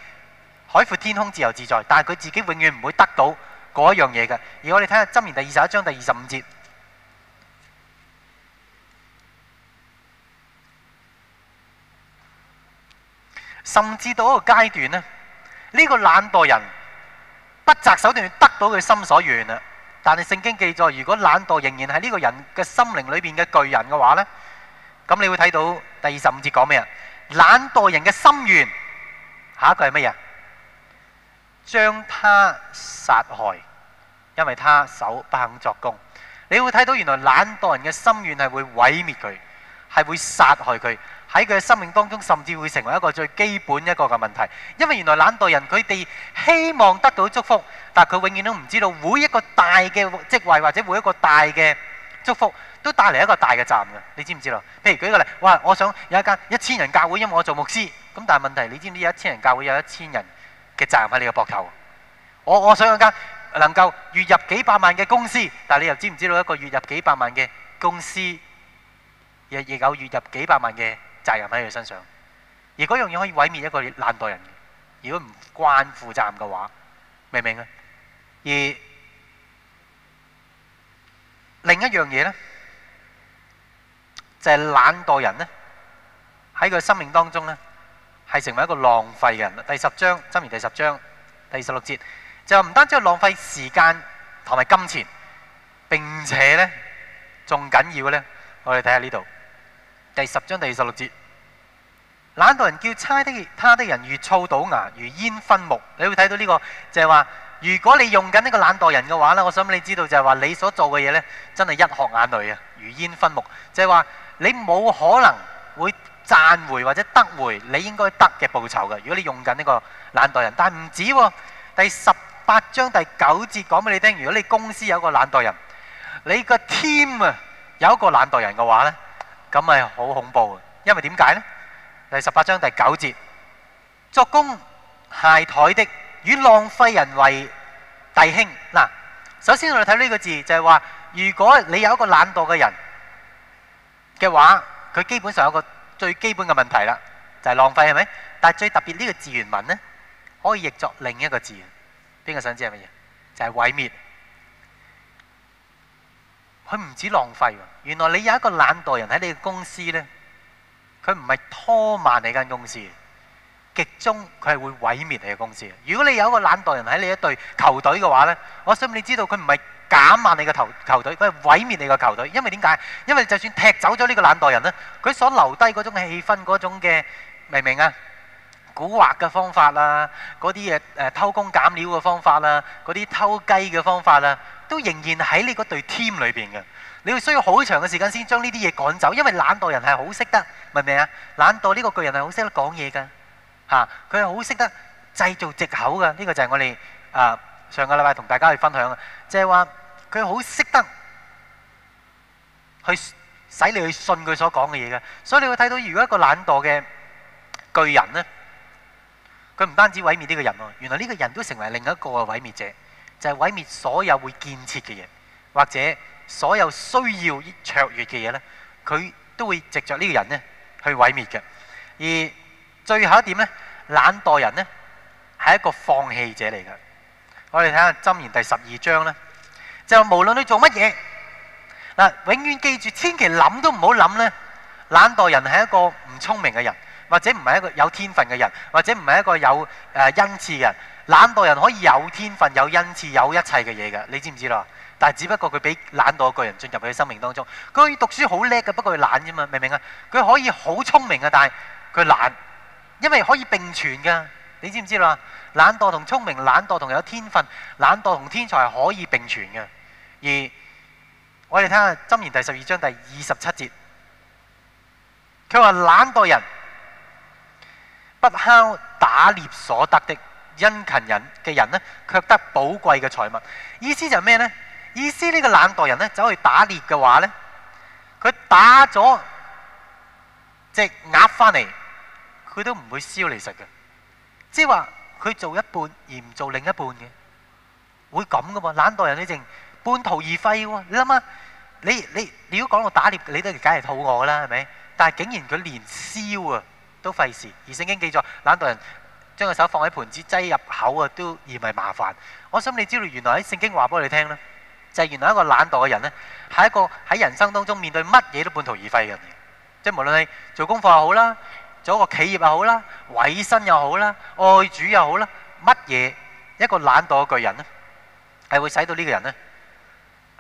海闊天空自由自在，但係佢自己永遠唔會得到嗰一樣嘢嘅。而我哋睇下箴言第二十一章第二十五節。甚至到一個階段咧，呢、呢個懶惰人不擇手段得到佢心所願啦。但係聖經記載，如果懶惰仍然喺呢個人嘅心靈裏邊嘅巨人嘅話呢，咁你會睇到第二十五節講咩啊？懶惰人嘅心願，下一個係乜嘢？將他殺害，因為他手不肯作工。你會睇到原來懶惰人嘅心願係會毀滅佢，係會殺害佢。喺佢嘅生命當中，甚至會成為一個最基本一個嘅問題。因為原來懶惰人佢哋希望得到祝福，但係佢永遠都唔知道，每一個大嘅職位或者每一個大嘅祝福，都帶嚟一個大嘅責任嘅。你知唔知道？譬如舉個例，哇！我想有一間一千人教會，因為我做牧師。咁但係問題，你知唔知有一千人教會有一千人嘅責任喺你個膊頭？我我想有間能夠月入幾百萬嘅公司，但係你又知唔知道一個月入幾百萬嘅公司，亦亦有月入幾百萬嘅責任喺佢身上，而嗰樣嘢可以毀滅一個懶惰人。如果唔關負責任嘅話，明唔明啊？而另一樣嘢呢，就係懶惰人呢，喺佢生命當中呢，係成為一個浪費嘅人。第十章，箴言第十章，第十六節，就唔單止係浪費時間同埋金錢，並且呢，仲緊要嘅呢，我哋睇下呢度。第十章第二十六節，懶惰人叫差的他的人如醋倒牙，如煙薰目。你會睇到呢、這個就係、是、話，如果你用緊呢個懶惰人嘅話咧，我想俾你知道就係話，你所做嘅嘢呢，真係一殼眼淚啊，如煙薰目。就係、是、話你冇可能會賺回或者得回你應該得嘅報酬嘅。如果你用緊呢個懶惰人，但唔止喎。第十八章第九節講俾你聽，如果你公司有個懶惰人，你個 team 啊有一個懶惰人嘅話呢。咁咪好恐怖嘅，因為點解呢？第十八章第九節，作工懈怠的與浪費人為弟兄。嗱，首先我哋睇呢個字，就係話，如果你有一個懶惰嘅人嘅話，佢基本上有個最基本嘅問題啦，就係浪費，係咪？但係最特別呢個字原文呢，可以譯作另一個字，邊個想知係乜嘢？就係毀滅。佢唔止浪費喎，原來你有一個懶惰人喺你嘅公司咧，佢唔係拖慢你間公司，極終佢係會毀滅你嘅公司。如果你有一個懶惰人喺你一隊球隊嘅話咧，我相信你知道佢唔係減慢你嘅球球隊，佢係毀滅你嘅球隊。因為點解？因為就算踢走咗呢個懶惰人咧，佢所留低嗰種氣氛嗰種嘅，明唔明啊？古惑嘅方法啦，嗰啲嘢誒偷工減料嘅方法啦，嗰啲偷雞嘅方法啦，都仍然喺你嗰隊 team 裏邊嘅。你要需要好長嘅時間先將呢啲嘢趕走，因為懶惰人係好識得，明唔明啊？懶惰呢個巨人係好識得講嘢嘅，嚇佢係好識得製造藉口嘅。呢個就係我哋啊上個禮拜同大家去分享嘅，即係話佢好識得去使你去信佢所講嘅嘢嘅。所以你會睇到，如果一個懶惰嘅巨人咧，佢唔單止毀滅呢個人喎，原來呢個人都成為另一個毀滅者，就係毀滅所有會建設嘅嘢，或者所有需要卓越嘅嘢呢，佢都會藉着呢個人咧去毀滅嘅。而最後一點呢，懶惰人呢，係一個放棄者嚟嘅。我哋睇下箴言第十二章呢，就無論你做乜嘢，嗱，永遠記住，千祈諗都唔好諗呢。懶惰人係一個唔聰明嘅人。或者唔係一個有天分嘅人，或者唔係一個有誒、呃、恩賜嘅人，懶惰人可以有天分、有恩賜、有一切嘅嘢嘅，你知唔知啦？但係只不過佢俾懶惰嘅個人進入佢嘅生命當中，佢讀書好叻嘅，不過佢懶啫嘛，明唔明啊？佢可以好聰明嘅，但係佢懶，因為可以並存噶，你知唔知啦？懶惰同聰明、懶惰同有天分，懶惰同天才係可以並存嘅。而我哋睇下《箴言》第十二章第二十七節，佢話懶惰人。不敲打獵所得的殷勤人嘅人呢，卻得寶貴嘅財物。意思就係咩呢？意思呢個懶惰人呢，走去打獵嘅話呢，佢打咗隻鴨翻嚟，佢都唔會燒嚟食嘅。即係話佢做一半而唔做另一半嘅，會咁噶噃？懶惰人呢，正半途而廢喎、啊。你諗下，你你如果講到打獵，你都係梗係肚餓啦，係咪？但係竟然佢連燒啊！都費事，而聖經記載懶惰人將個手放喺盤子擠入口啊，都嫌係麻煩。我想你知道原來喺聖經話俾我哋聽咧，就係、是、原來一個懶惰嘅人呢，係一個喺人生當中面對乜嘢都半途而廢嘅人。即、就、係、是、無論你做功課又好啦，做一個企業又好啦，委身又好啦，愛主又好啦，乜嘢一個懶惰嘅巨人呢，係會使到呢個人呢，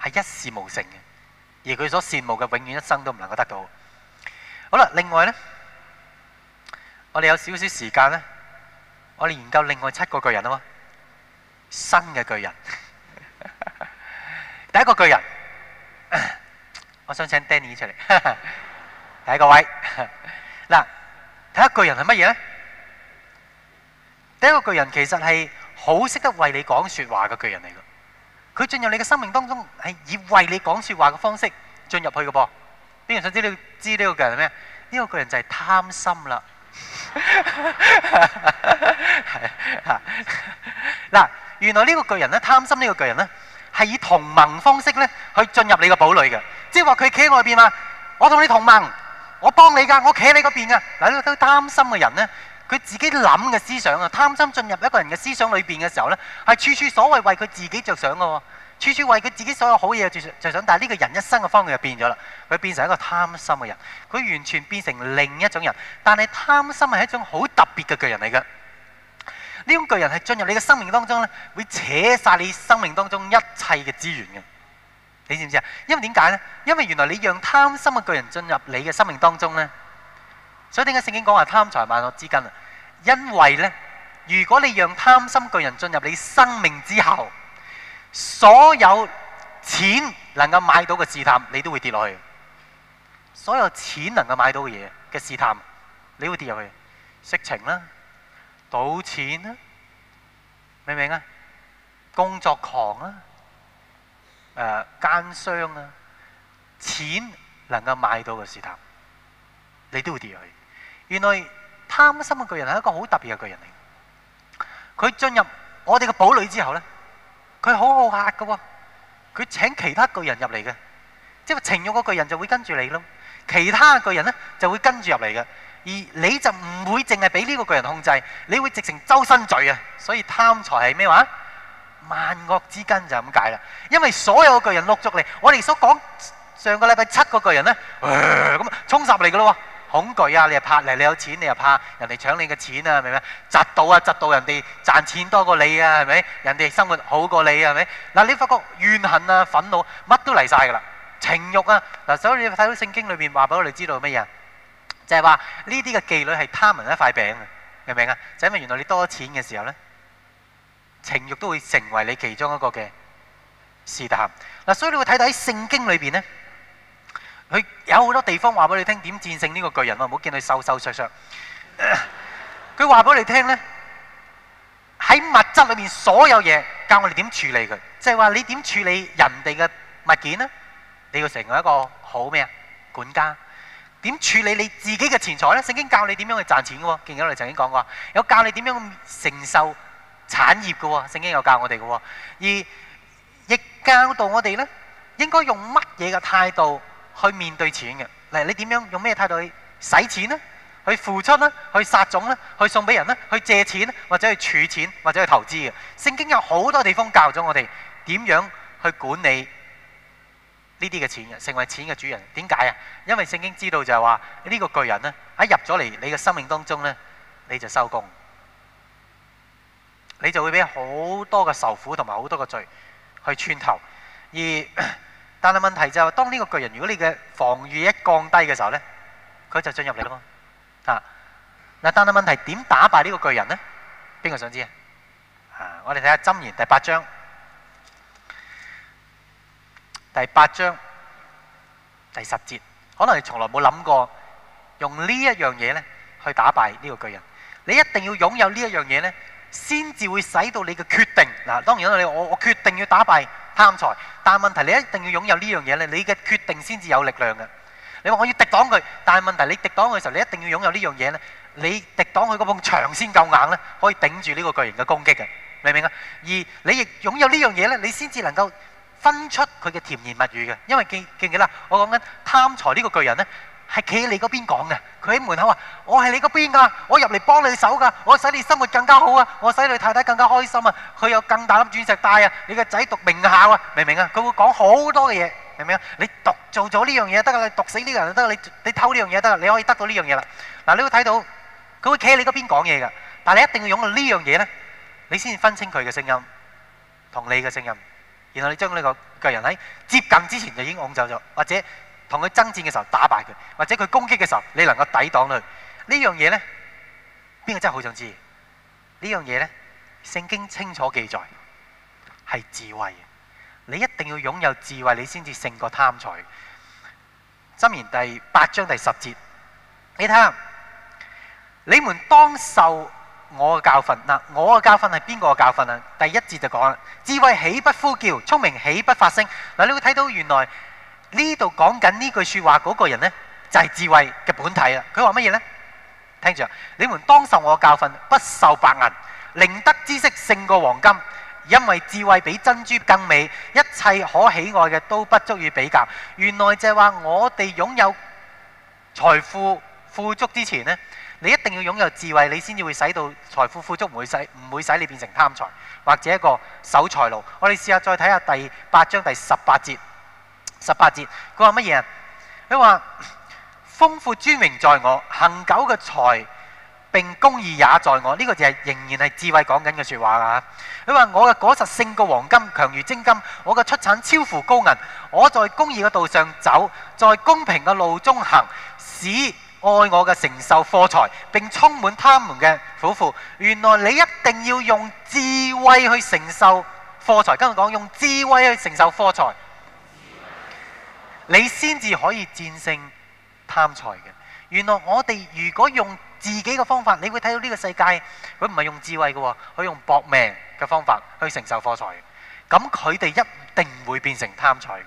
係一事無成嘅，而佢所羨慕嘅永遠一生都唔能夠得到。好啦，另外呢。我哋有少少時間咧，我哋研究另外七個巨人啊嘛，新嘅巨人。 <laughs> 第一個巨人，我想請 Danny 出嚟，第一個位。嗱，第一個巨人係乜嘢咧？第一個巨人其實係好識得為你講說話嘅巨人嚟嘅，佢進入你嘅生命當中係以為你講說話嘅方式進入去嘅噃。邊人想知道知呢個巨人係咩？呢個巨人就係貪心啦。嗱， <laughs> 原來呢個巨人咧，貪心呢個巨人咧，係以同盟方式咧去進入你個堡壘嘅。即係話佢企喺外邊嘛，我同你同盟，我幫你噶我企喺你嗰邊噶嗱，這個，呢都貪心嘅人咧，佢自己諗嘅思想啊，貪心進入一個人嘅思想裏邊嘅時候咧，係處處所謂為佢自己着想噶。處處為佢自己所有好嘢著想，就想，但係呢個人一生嘅方向就變咗啦。佢變成一個貪心嘅人，佢完全變成另一種人。但係貪心係一種好特別嘅巨人嚟噶。呢種巨人係進入你嘅生命當中咧，會扯晒你生命當中一切嘅資源嘅。你知唔知啊？因為點解呢？因為原來你讓貪心嘅巨人進入你嘅生命當中咧，所以點解聖經講話貪財萬惡之根啊？因為呢，如果你讓貪心巨人進入你生命之後，所有錢能夠買到嘅試探，你都會跌落去。所有錢能夠買到嘅嘢嘅試探，你會跌入去。色情啦、啊，賭錢啦、啊，明唔明啊？工作狂啊，誒、呃、奸商啊，錢能夠買到嘅試探，你都會跌落去。原來貪心嘅巨人係一個好特別嘅巨人嚟。佢進入我哋嘅堡壘之後咧。佢好好客噶喎，佢請其他巨人入嚟嘅，即係情慾個巨人就會跟住你咯，其他巨人咧就會跟住入嚟嘅，而你就唔會淨係俾呢個巨人控制，你會直成周身罪啊！所以貪財係咩話？萬惡之根就係咁解啦，因為所有巨人陸續嚟，我哋所講上個禮拜七個巨人咧，咁衝襲嚟噶咯喎。恐懼啊，你又怕，嚟，你有錢你又怕人哋搶你嘅錢啊，明唔明？嫉妒啊，嫉妒人哋賺錢多過你啊，係咪？人哋生活好過你啊，係咪？嗱，你發覺怨恨啊、憤怒乜都嚟晒噶啦，情慾啊，嗱，所以你睇到聖經裏邊話俾我哋知道乜嘢？就係話呢啲嘅妓女係貪人一塊餅，明唔明啊？就因、是、為原來你多咗錢嘅時候咧，情慾都會成為你其中一個嘅是但。嗱，所以你會睇到喺聖經裏邊咧。佢有好多地方話俾你聽點戰勝呢個巨人喎，唔好見佢瘦瘦削削。佢話俾你聽咧，喺物質裏面所有嘢教我哋點處理佢，即係話你點處理人哋嘅物件咧？你要成為一個好咩啊？管家點處理你自己嘅錢財咧？聖經教你點樣去賺錢嘅喎？見到我哋曾經講過，有教你點樣承受產業嘅喎，聖經有教我哋嘅喎，而亦教導我哋咧應該用乜嘢嘅態度？去面對錢嘅，嗱你點樣用咩態度去使錢咧？去付出咧？去撒種咧？去送俾人咧？去借錢咧？或者去儲錢或者去投資嘅？聖經有好多地方教咗我哋點樣去管理呢啲嘅錢嘅，成為錢嘅主人。點解啊？因為聖經知道就係話呢個巨人咧，喺入咗嚟你嘅生命當中咧，你就收工，你就會俾好多嘅愁苦同埋好多嘅罪去穿透而。但係問題就係、是，當呢個巨人如果你嘅防禦一降低嘅時候呢，佢就進入嚟啦嘛。啊，嗱，但係問題點打敗呢個巨人呢？邊個想知啊？我哋睇下箴言第八章，第八章第十節，可能你從來冇諗過用這呢一樣嘢呢去打敗呢個巨人。你一定要擁有呢一樣嘢呢，先至會使到你嘅決定。嗱、啊，當然你我我決定要打敗貪財，但係問題你一定要擁有呢樣嘢咧，你嘅決定先至有力量嘅。你話我要敵擋佢，但係問題你敵擋佢嘅時候，你一定要擁有呢樣嘢咧，你敵擋佢嗰埲牆先夠硬咧，可以頂住呢個巨人嘅攻擊嘅，明唔明啊？而你亦擁有呢樣嘢咧，你先至能夠分出佢嘅甜言蜜語嘅，因為記記唔記得我講緊貪財呢個巨人呢。係企喺你嗰邊講嘅，佢喺門口話：我係你嗰邊㗎，我入嚟幫你手㗎，我使你生活更加好啊，我使你太太更加開心啊，佢有更大粒鑽石戴啊，你個仔讀名校啊，明唔明啊？佢會講好多嘅嘢，明唔明啊？你毒做咗呢樣嘢得啦，你毒死呢個人就得啦，你你偷呢樣嘢得啦，你可以得到呢樣嘢啦。嗱，你會睇到佢會企喺你嗰邊講嘢㗎，但係你一定要擁有呢樣嘢咧，你先至分清佢嘅聲音同你嘅聲音，然後你將呢個個人喺接近之前就已經擋走咗，或者。同佢爭戰嘅時候打敗佢，或者佢攻擊嘅時候你能夠抵擋佢。呢樣嘢呢，邊個真係好想知？呢樣嘢呢，聖經清楚記載係智慧，你一定要擁有智慧，你先至勝過貪財。箴言第八章第十節，你睇下，你們當受我嘅教訓。嗱，我嘅教訓係邊個嘅教訓啊？第一節就講啦，智慧豈不呼叫，聰明豈不發聲嗱？你會睇到原來。呢度講緊呢句說話，嗰個人呢，就係智慧嘅本體啦。佢話乜嘢呢？聽住，你們當受我教訓，不受白銀，寧得知識勝過黃金，因為智慧比珍珠更美，一切可喜愛嘅都不足以比較。原來就係話，我哋擁有財富富足之前呢，你一定要擁有智慧，你先至會使到財富富足，唔會使唔會使你變成貪財或者一個守財奴。我哋試下再睇下第八章第十八節。十八節，佢話乜嘢？佢話豐富尊榮在我，恒久嘅財並公義也在我。呢、這個就係、是、仍然係智慧講緊嘅說話啦。佢話我嘅果實勝過黃金，強如精金；我嘅出產超乎高銀。我在公義嘅道上走，在公平嘅路中行，使愛我嘅承受貨財，並充滿他們嘅府庫。原來你一定要用智慧去承受貨財。跟住講，用智慧去承受貨財，你先至可以戰勝貪財嘅。原來我哋如果用自己嘅方法，你會睇到呢個世界，佢唔係用智慧嘅，佢用搏命嘅方法去承受貨財。咁佢哋一定會變成貪財，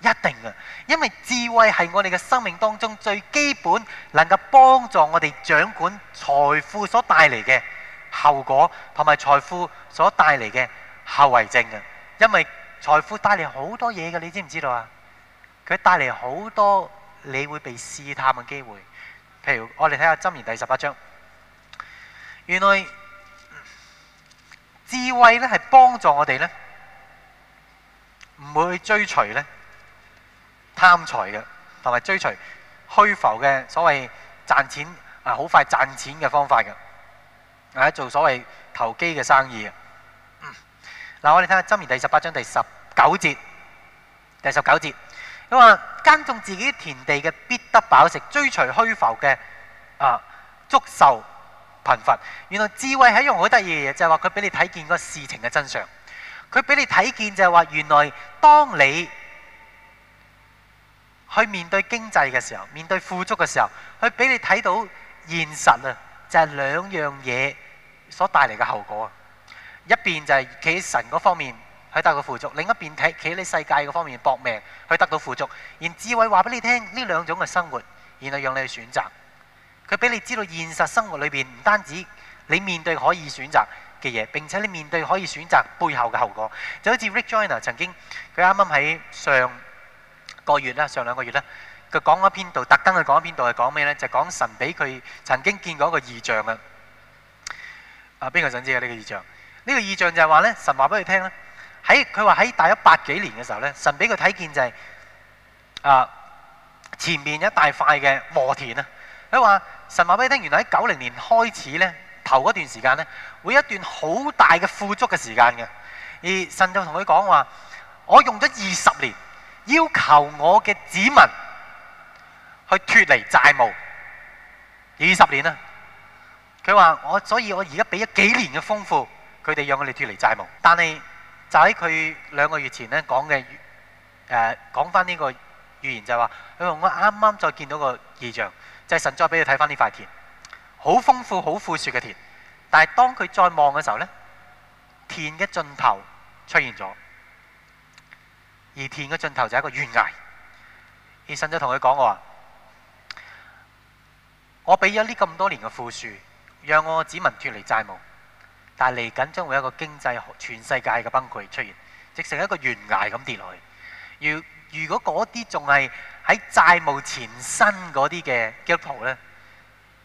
一定啊！因為智慧係我哋嘅生命當中最基本，能夠幫助我哋掌管財富所帶嚟嘅後果，同埋財富所帶嚟嘅後遺症嘅。因為財富帶嚟好多嘢嘅，你知唔知道啊？佢帶嚟好多你會被試探嘅機會，譬如，我哋睇下箴言第十八章，原來智慧咧係幫助我哋咧，唔會去追隨咧貪財嘅，同埋追隨虛浮嘅所謂賺錢啊好快賺錢嘅方法嘅，啊做所謂投機嘅生意嘅。嗱，我哋睇下箴言第十八章第十九節，第十九節。佢話，耕種自己的田地嘅必得飽食，追隨虛浮嘅啊，足受貧乏。原來智慧係一樣好得意嘅嘢，就係話佢俾你睇見個事情嘅真相。佢俾你睇見就係話，原來當你去面對經濟嘅時候，面對富足嘅時候，佢俾你睇到現實啊，就係兩樣嘢所帶嚟嘅後果。一邊就係企神嗰方面去得到富足，另一邊睇企喺你世界嗰方面搏命去得到富足。而智慧話俾你聽，呢兩種嘅生活，然後讓你去選擇。佢俾你知道現實生活裏邊唔單止你面對可以選擇嘅嘢，並且你面對可以選擇背後嘅後果。就好似 Rick Joyner 曾經，佢啱啱喺上個月啦，上兩個月啦，佢講咗一篇道，特登去講一篇道，係講咩咧？就係講神俾佢曾經見過一個異象啦。啊，邊個想知啊？呢個異象？呢個異象就係話咧，神話俾佢聽啦。喺佢話喺大約八幾年嘅時候咧，神俾佢睇見就係啊前面一大塊嘅禾田啊。佢話神話俾你聽，原來喺九零年開始咧，頭嗰段時間咧，會有一段好大嘅富足嘅時間嘅。而神就同佢講話：我用咗二十年，要求我嘅子民去脱離債務二十年啊。佢話我所以，我而家俾咗幾年嘅豐富，佢哋讓我哋脱離債務，但係。但喺佢兩個月前咧講嘅誒，講翻呢個預言就係話：佢話我啱啱再見到個異象，就係、是、神再俾你睇翻呢塊田，好豐富、好富庶嘅田。但係當佢再望嘅時候咧，田嘅盡頭出現咗，而田嘅盡頭就係一個懸崖。而神就同佢講：我話我俾咗呢咁多年嘅富庶，讓我嘅子民脱離債務。但係嚟緊將會有一個經濟全世界嘅崩潰出現，直成一個懸崖咁跌落去。如如果嗰啲仲係喺債務纏身嗰啲嘅 group 咧，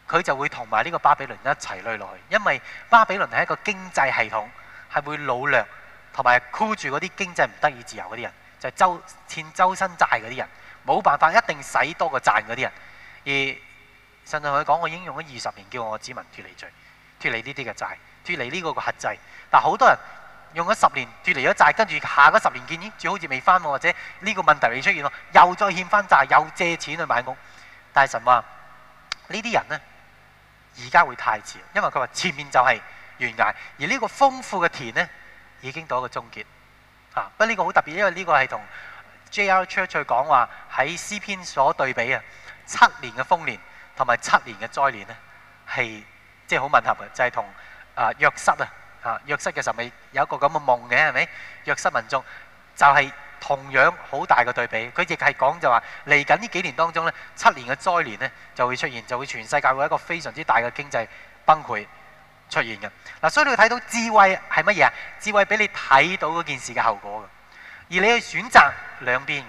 佢就會同埋呢個巴比倫一齊淪落去。因為巴比倫係一個經濟系統，係會老弱同埋箍住嗰啲經濟唔得以自由嗰啲人，就係、是、周欠周身債嗰啲人，冇辦法一定使多過賺嗰啲人。而神就同佢講：我已經用咗二十年，叫我子民脱離罪，脱離呢啲嘅債。脱離呢個個核制，但好多人用咗十年脱離咗債，跟住下個十年建呢，好似未翻喎，或者呢個問題未出現喎，又再欠翻債，又借錢去買屋。大神話呢啲人呢，而家會太遲，因為佢話前面就係懸崖，而呢個豐富嘅田呢，已經到一個終結。啊，不過呢個好特別，因為呢個係同 JR Church 去講話喺詩篇所對比啊，七年嘅豐年同埋七年嘅災年呢，係即係好吻合嘅，就係同。啊，約瑟啊，啊，約瑟嘅時候咪有一個咁嘅夢嘅係咪？約瑟民眾就係同樣好大嘅對比，佢亦係講就話嚟緊呢幾年當中咧，七年嘅災年咧就會出現，就會全世界會一個非常之大嘅經濟崩潰出現嘅。嗱、啊，所以你會睇到智慧係乜嘢啊？智慧俾你睇到嗰件事嘅後果嘅，而你去選擇兩邊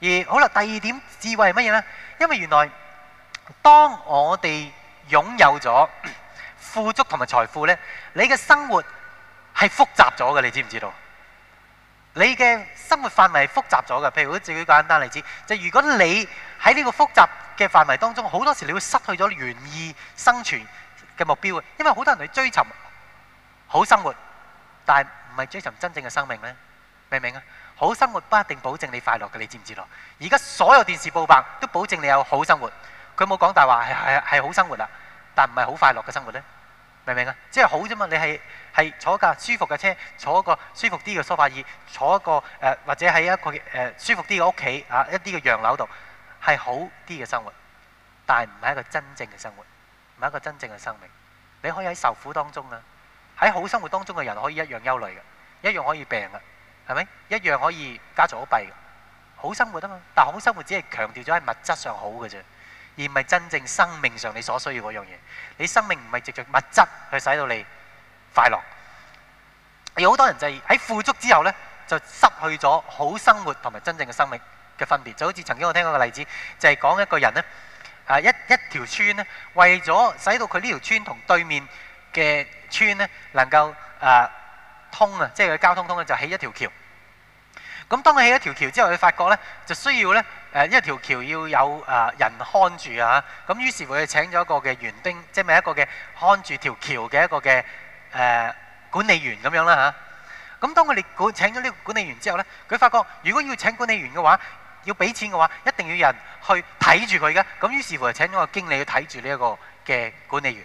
嘅。而好啦，第二點智慧係乜嘢呢？因為原來當我哋擁有咗。富足同埋財富咧，你嘅生活係複雜咗嘅，你知唔知道？你嘅生活範圍係複雜咗嘅。譬如好似舉個簡單例子，就如果你喺呢個複雜嘅範圍當中，好多時你會失去咗願意生存嘅目標啊！因為好多人去追尋好生活，但係唔係追尋真正嘅生命咧？明唔明啊？好生活不一定保證你快樂嘅，你知唔知道？而家所有電視報道都保證你有好生活，佢冇講大話，係係係好生活啦，但係唔係好快樂嘅生活咧？明唔明啊？即、就、係、是、好啫嘛！你係係坐一架舒服嘅車，坐一個舒服啲嘅梳化椅，坐一個誒、呃、或者喺一個誒、呃、舒服啲嘅屋企啊，一啲嘅洋樓度係好啲嘅生活，但係唔係一個真正嘅生活，唔係一個真正嘅生命。你可以喺受苦當中啊，喺好生活當中嘅人可以一樣憂慮嘅，一樣可以病嘅，係咪？一樣可以家財好敗嘅，好生活啊嘛！但係好生活只係強調咗喺物質上好嘅啫。而唔係真正生命上你所需要嗰樣嘢，你生命唔係藉著物質去使到你快樂。有好多人就係喺富足之後咧，就失去咗好生活同埋真正嘅生命嘅分別。就好似曾經我聽過個例子，就係講一個人咧，啊一一條村咧，為咗使到佢呢條村同對面嘅村咧能夠啊通啊，即係佢交通通咧，就起一條橋。咁當佢起一條橋之後，佢發覺咧就需要咧。誒，因為條橋要有誒人看住啊，咁於是乎佢請咗一個嘅園丁，即係一個嘅看住條橋嘅一個嘅誒管理員咁樣啦嚇。咁當佢哋管請咗呢個管理員之後呢，佢發覺如果要請管理員嘅話，要俾錢嘅話，一定要人去睇住佢㗎。咁於是乎就請咗個經理去睇住呢一個嘅管理員。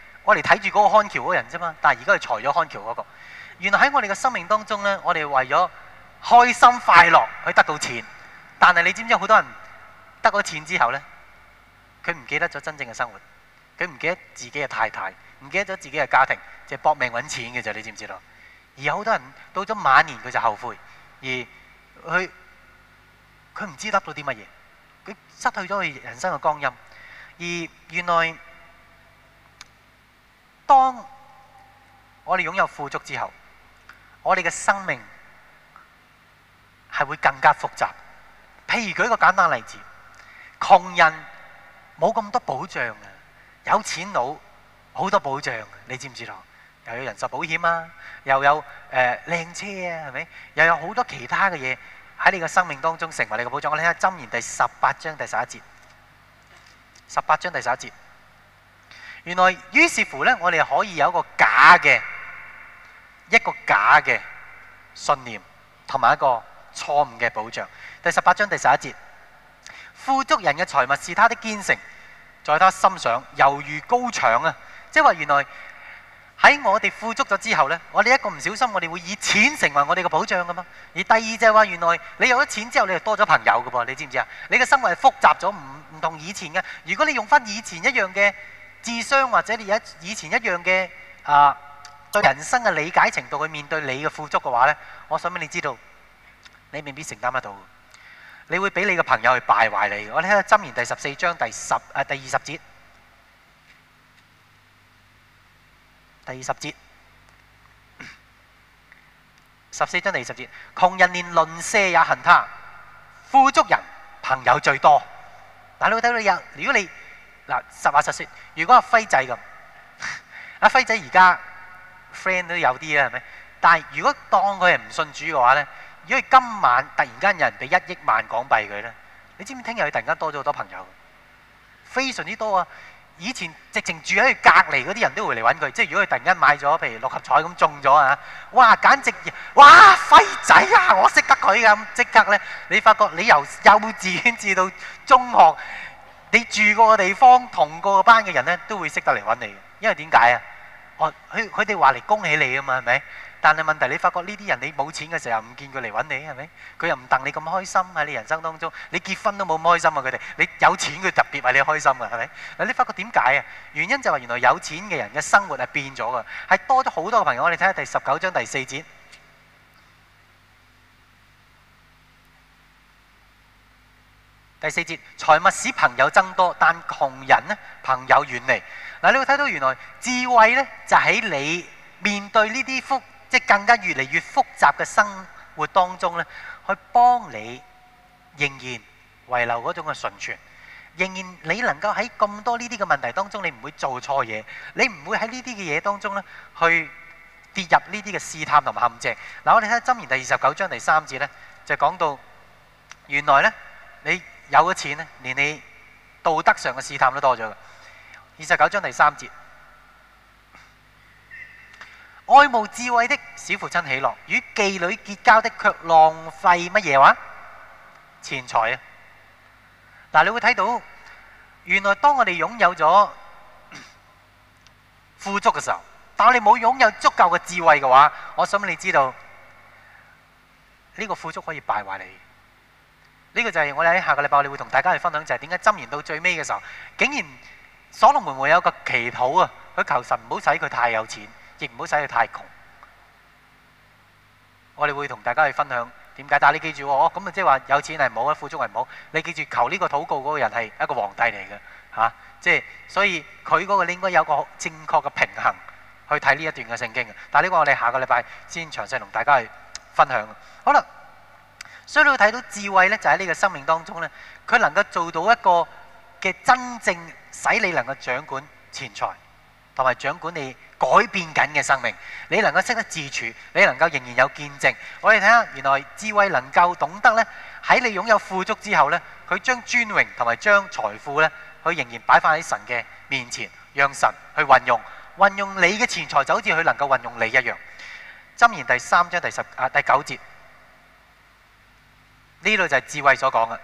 我哋睇住嗰個看橋嗰人啫嘛，但係而家係裁咗看橋嗰個。原來喺我哋嘅生命當中咧，我哋為咗開心快樂去得到錢，但係你知唔知好多人得咗錢之後咧，佢唔記得咗真正嘅生活，佢唔記得自己嘅太太，唔記得咗自己嘅家庭，就係搏命揾錢嘅咋，你知唔知道？而好多人到咗晚年佢就後悔，而佢佢唔知得到啲乜嘢，佢失去咗佢人生嘅光陰，而原來。當我哋擁有富足之後，我哋嘅生命係會更加複雜。譬如舉一個簡單例子，窮人冇咁多保障嘅，有錢佬好多保障嘅，你知唔知道？又有人壽保險啊，又有誒、呃、靚車啊，係咪？又有好多其他嘅嘢喺你嘅生命當中成為你嘅保障。我睇下《箴言》第十八章第十一節，十八章第十一節。原來於是乎咧，我哋可以有一個假嘅一個假嘅信念同埋一個錯誤嘅保障。第十八章第十一節，富足人嘅財物是他的堅城，在他心上猶如高牆啊！即係話原來喺我哋富足咗之後呢，我哋一個唔小心，我哋會以錢成為我哋嘅保障噶嘛？而第二就係話原來你有咗錢之後，你就多咗朋友噶噃，你知唔知啊？你嘅生活係複雜咗，唔唔同以前嘅。如果你用翻以前一樣嘅，智商或者你有以前一樣嘅啊，對人生嘅理解程度去面對你嘅富足嘅話咧，我想俾你知道你未必承擔得到，你會俾你嘅朋友去敗壞你。我哋睇下箴言第十四章第十啊第二十節，第二十節十,十四章第二十節，窮人連鄰舍也恨他，富足人朋友最多。嗱，老豆你如果你？嗱，實話實説，如果阿輝仔咁，阿輝仔而家 friend 都有啲啦，係咪？但係如果當佢係唔信主嘅話咧，如果佢今晚突然間有人俾一億萬港幣佢咧，你知唔知聽日佢突然間多咗好多朋友？非常之多啊！以前直情住喺佢隔離嗰啲人都會嚟揾佢，即係如果佢突然間買咗，譬如六合彩咁中咗啊，哇！簡直哇輝仔啊，我識得佢㗎，即刻咧，你發覺你由幼稚園至到中學。你住過嘅地方，同過個班嘅人呢，都會識得嚟揾你，因為點解啊？哦，佢佢哋話嚟恭喜你啊嘛，係咪？但係問題係你發覺呢啲人，你冇錢嘅時候唔見佢嚟揾你，係咪？佢又唔戥你咁開心。喺你人生當中，你結婚都冇咁開心啊！佢哋，你有錢佢特別為你開心啊，係咪？嗱，你發覺點解啊？原因就係原來有錢嘅人嘅生活係變咗㗎，係多咗好多個朋友。我哋睇下第十九章第四節。第四節，財物使朋友增多，但窮人咧朋友遠離。嗱，你會睇到原來智慧咧就喺你面對呢啲複，即係更加越嚟越複雜嘅生活當中咧，去幫你仍然遺留嗰種嘅純全，仍然你能夠喺咁多呢啲嘅問題當中，你唔會做錯嘢，你唔會喺呢啲嘅嘢當中咧去跌入呢啲嘅試探同埋陷阱。嗱，我哋睇《箴言》第二十九章第三節咧，就講到原來咧你。有咗錢咧，連你道德上嘅試探都多咗。二十九章第三節，愛慕智慧的使父親喜樂，與妓女結交的卻浪費乜嘢話？錢財啊！嗱，你會睇到，原來當我哋擁有咗富足嘅時候，但係你冇擁有足夠嘅智慧嘅話，我想你知道，呢、這個富足可以敗壞你。呢個就係我哋喺下個禮拜，我哋會同大家去分享，就係點解箴言到最尾嘅時候，竟然所羅門會有個祈禱啊！佢求神唔好使佢太有錢，亦唔好使佢太窮。我哋會同大家去分享點解，但係你記住哦，咁啊即係話有錢係冇嘅，富足係冇。你記住求呢個禱告嗰個人係一個皇帝嚟嘅嚇，即、啊、係所以佢嗰個你應該有個正確嘅平衡去睇呢一段嘅聖經啊！但係呢個我哋下個禮拜先詳細同大家去分享。好啦。所以你會睇到智慧咧，就喺呢個生命當中咧，佢能夠做到一個嘅真正使你能夠掌管錢財，同埋掌管你改變緊嘅生命。你能夠識得自處，你能夠仍然有見證。我哋睇下，原來智慧能夠懂得咧，喺你擁有富足之後咧，佢將尊榮同埋將財富咧，佢仍然擺放喺神嘅面前，讓神去運用，運用你嘅錢財就好似佢能夠運用你一樣。箴言第三章第十啊第九節。呢度就係智慧所講嘅。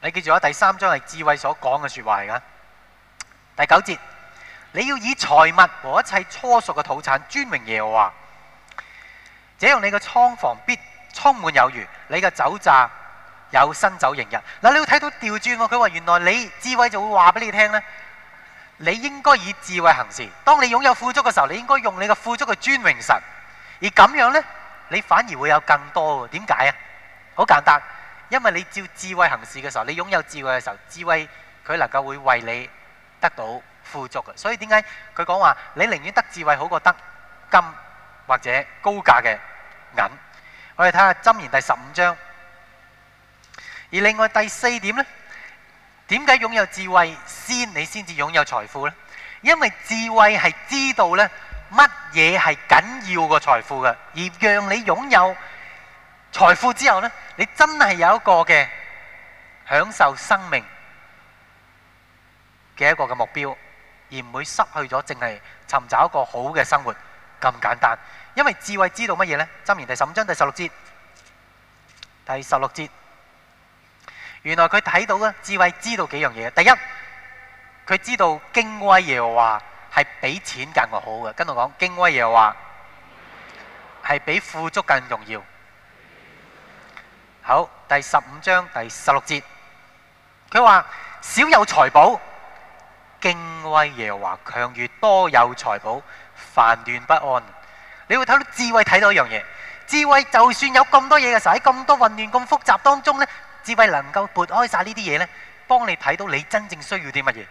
你記住啊，第三章係智慧所講嘅説話嚟噶。第九節，你要以財物和一切初熟嘅土產尊榮耶和華，這樣你嘅倉房必充滿有餘，你嘅酒醡有新酒盈溢。嗱，你會睇到調轉喎，佢話原來你智慧就會話俾你聽咧。你應該以智慧行事。當你擁有富足嘅時候，你應該用你嘅富足去尊榮神。而咁樣呢，你反而會有更多嘅。點解啊？好簡單，因為你照智慧行事嘅時候，你擁有智慧嘅時候，智慧佢能夠會為你得到富足嘅。所以點解佢講話？你寧願得智慧好過得金或者高價嘅銀。我哋睇下箴言第十五章。而另外第四點呢。點解擁有智慧先，你先至擁有財富咧？因為智慧係知道咧乜嘢係緊要過財富嘅，而讓你擁有財富之後咧，你真係有一個嘅享受生命嘅一個嘅目標，而唔會失去咗，淨係尋找一個好嘅生活咁簡單。因為智慧知道乜嘢咧？箴言第十五章第十六節，第十六節。原來佢睇到咧，智慧知道幾樣嘢。第一，佢知道敬畏耶和華係比錢更個好嘅。跟住講敬畏耶和華係比富足更重要。好，第十五章第十六節，佢話少有財寶，敬畏耶和華強如多有財寶，煩亂不安。你會睇到智慧睇到一樣嘢，智慧就算有咁多嘢嘅時候，喺咁多混亂、咁複雜當中咧。智慧能夠撥開晒呢啲嘢呢，幫你睇到你真正需要啲乜嘢。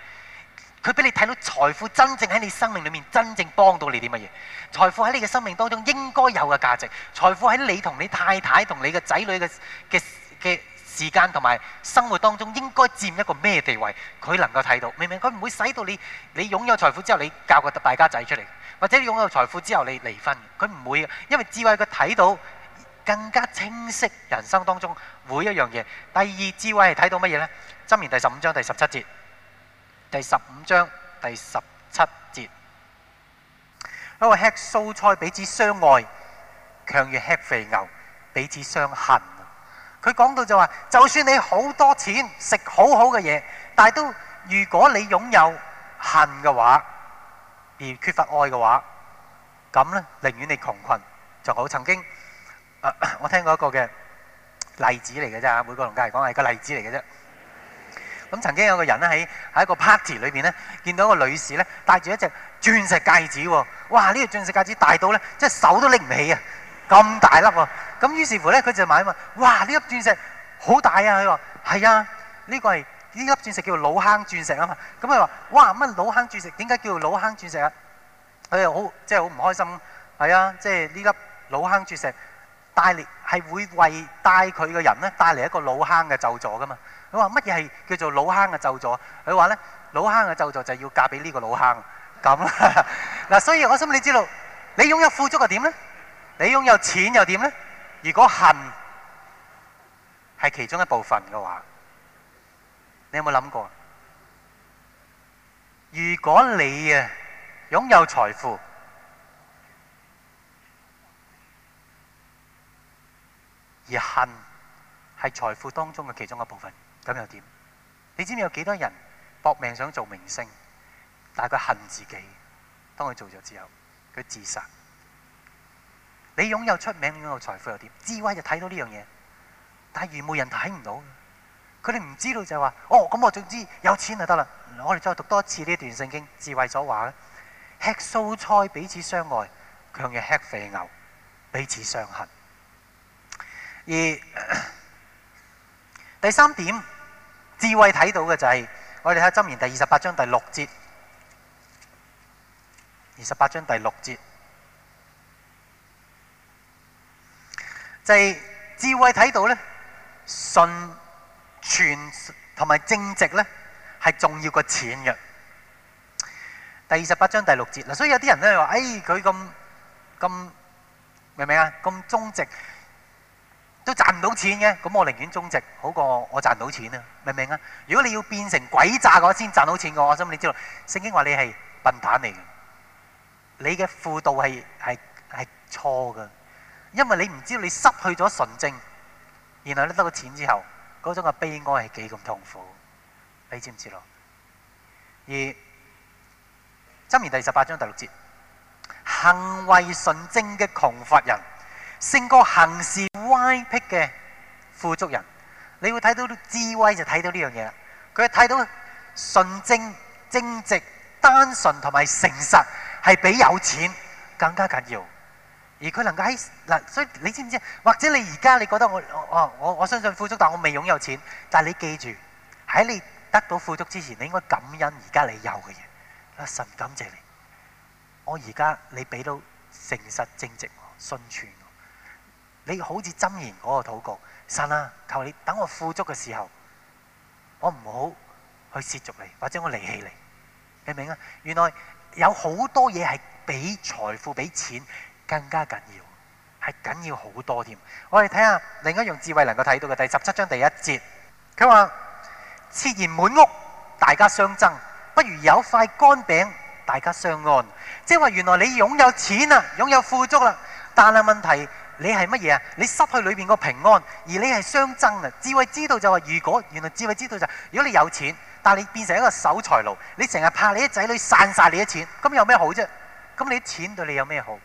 佢俾你睇到財富真正喺你生命裏面真正幫到你啲乜嘢。財富喺你嘅生命當中應該有嘅價值。財富喺你同你太太同你嘅仔女嘅嘅嘅時間同埋生活當中應該佔一個咩地位？佢能夠睇到，明明佢唔會使到你。你擁有財富之後，你教個大家仔出嚟，或者你擁有財富之後你離婚，佢唔會，因為智慧佢睇到。更加清晰人生當中每一樣嘢。第二，智慧係睇到乜嘢咧？箴言第十五章第十七節，第十五章第十七節，佢話吃素菜彼此相愛，強於吃肥牛彼此相恨。佢講到就話，就算你好多錢食好好嘅嘢，但係都如果你擁有恨嘅話，而缺乏愛嘅話，咁咧寧願你窮困。就好曾經。啊！我聽過一個嘅例子嚟嘅啫，每個農家嚟講係個例子嚟嘅啫。咁曾經有個人咧喺喺一個 party 裏邊咧，見到一個女士咧戴住一隻鑽石戒指喎。哇！呢個鑽石戒指大到咧，即係手都拎唔起啊，咁大粒喎。咁於是乎咧，佢就問，哇！呢粒鑽石好大啊！佢話，係啊，呢個係呢粒鑽石叫做老坑鑽石啊嘛。咁佢話，哇！乜老坑鑽石？點解叫做老坑鑽石啊？佢又好即係好唔開心。係啊，即係呢粒老坑鑽石。帶嚟係會為帶佢嘅人咧帶嚟一個老坑嘅咒詛噶嘛？佢話，乜嘢係叫做老坑嘅咒詛？佢話咧，老坑嘅咒詛就，就是要嫁俾呢個老坑。咁嗱，所以我諗你知道，你擁有富足又點咧？你擁有錢又點咧？如果恨係其中一部分嘅話，你有冇諗過？如果你啊擁有財富，而恨係財富當中嘅其中一部分，咁又點？你知唔知有幾多人搏命想做明星，但係佢恨自己，當佢做咗之後，佢自殺。你擁有出名，擁有財富又點？智慧就睇到呢樣嘢，但係愚昧人睇唔到，佢哋唔知道就話哦，咁我總之有錢就得啦。我哋再讀多一次呢段聖經智慧所話嘅：吃素菜彼此相愛，強如吃肥牛彼此相恨。而第三點，智慧睇到嘅就係我哋睇《箴言》第二十八章第六節。二十八章第六節就係智慧睇到咧，信全同埋正直咧，係重要過錢嘅。第二十八章第六節嗱，所以有啲人咧話，誒，佢咁咁明唔明啊？咁忠直。都賺唔到錢嘅，咁我寧願忠直好過我賺到錢啊，明唔明啊？如果你要變成鬼詐嘅話，先賺到錢嘅，我想你知道？聖經話你係笨蛋嚟嘅，你嘅輔導係係係錯嘅，因為你唔知道你失去咗純正，然後咧得到錢之後，嗰種嘅悲哀係幾咁痛苦，你知唔知道？而箴言第十八章第六節，行為純正嘅窮乏人。勝過行事歪癖嘅富足人，你會睇到智慧就睇到呢樣嘢啦。佢係睇到純正、正直、單純同埋誠實，係比有錢更加緊要。而佢能夠喺嗱，所以你知唔知道？或者你而家你覺得我哦，我我，我相信富足，但我未擁有錢。但係你記住，喺你得到富足之前，你應該感恩而家你有嘅嘢。阿神感謝你，我而家你俾到誠實、正直、信全。你好似箴言嗰個禱告，神啊，求你等我富足嘅時候，我唔好去涉足你，或者我離棄你，你明唔明啊？原來有好多嘢係比財富、比錢更加緊要，係緊要好多添。我哋睇下另一樣智慧能夠睇到嘅第十七章第一節，佢話：設筵滿屋，大家相爭，不如有塊乾餅，大家相安。即係話原來你擁有錢啊，擁有富足啦，但係問題。你係乜嘢啊？你失去裏邊個平安，而你係相爭啊！智慧知道就話如果原來智慧知道就係如果你有錢，但係你變成一個守財奴，你成日怕你啲仔女散晒你啲錢，咁有咩好啫？咁你啲錢對你有咩好？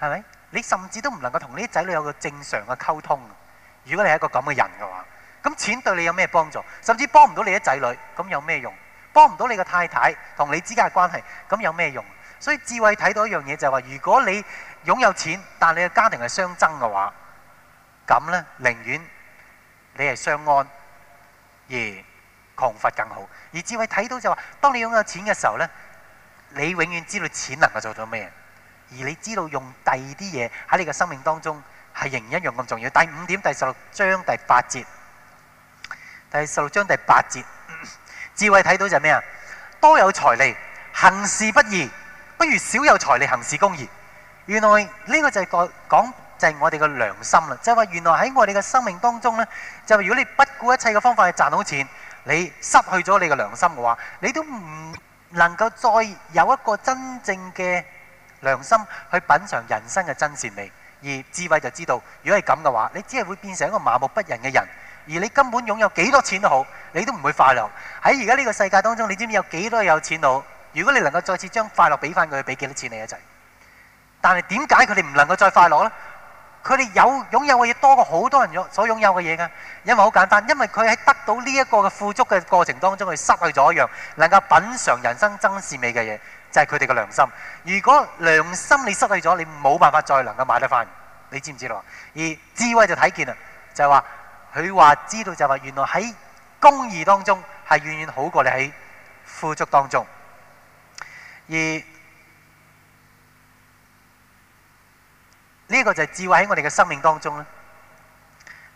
係咪？你甚至都唔能夠同你啲仔女有個正常嘅溝通。如果你係一個咁嘅人嘅話，咁錢對你有咩幫助？甚至幫唔到你啲仔女，咁有咩用？幫唔到你個太太同你之間嘅關係，咁有咩用？所以智慧睇到一樣嘢就係話，如果你擁有錢，但你嘅家庭係相爭嘅話，咁呢寧願你係相安而窮乏更好。而智慧睇到就話，當你擁有錢嘅時候呢，你永遠知道錢能夠做到咩，而你知道用第二啲嘢喺你嘅生命當中係仍然一樣咁重要。第五點、第十六章第八節、第十六章第八節，智慧睇到就係咩啊？多有財利，行事不義；不如少有財利，行事公義。原來呢個就係講，就係我哋嘅良心啦。就係話，原來喺我哋嘅生命當中呢，就係如果你不顧一切嘅方法去賺到錢，你失去咗你嘅良心嘅話，你都唔能夠再有一個真正嘅良心去品嚐人生嘅真善美。而智慧就知道，如果係咁嘅話，你只係會變成一個麻木不仁嘅人。而你根本擁有幾多錢都好，你都唔會快樂。喺而家呢個世界當中，你知唔知有幾多有錢佬？如果你能夠再次將快樂俾翻佢，俾幾多錢你一齊？但係點解佢哋唔能夠再快樂呢？佢哋有擁有嘅嘢多過好多人擁所擁有嘅嘢㗎，因為好簡單，因為佢喺得到呢一個嘅富足嘅過程當中，佢失去咗一樣能夠品嚐人生真善美嘅嘢，就係佢哋嘅良心。如果良心你失去咗，你冇辦法再能夠買得返。你知唔知道？而智慧就睇見啦，就係話佢話知道就話原來喺公義當中係遠遠好過你喺富足當中。而呢一個就係智慧喺我哋嘅生命當中咧。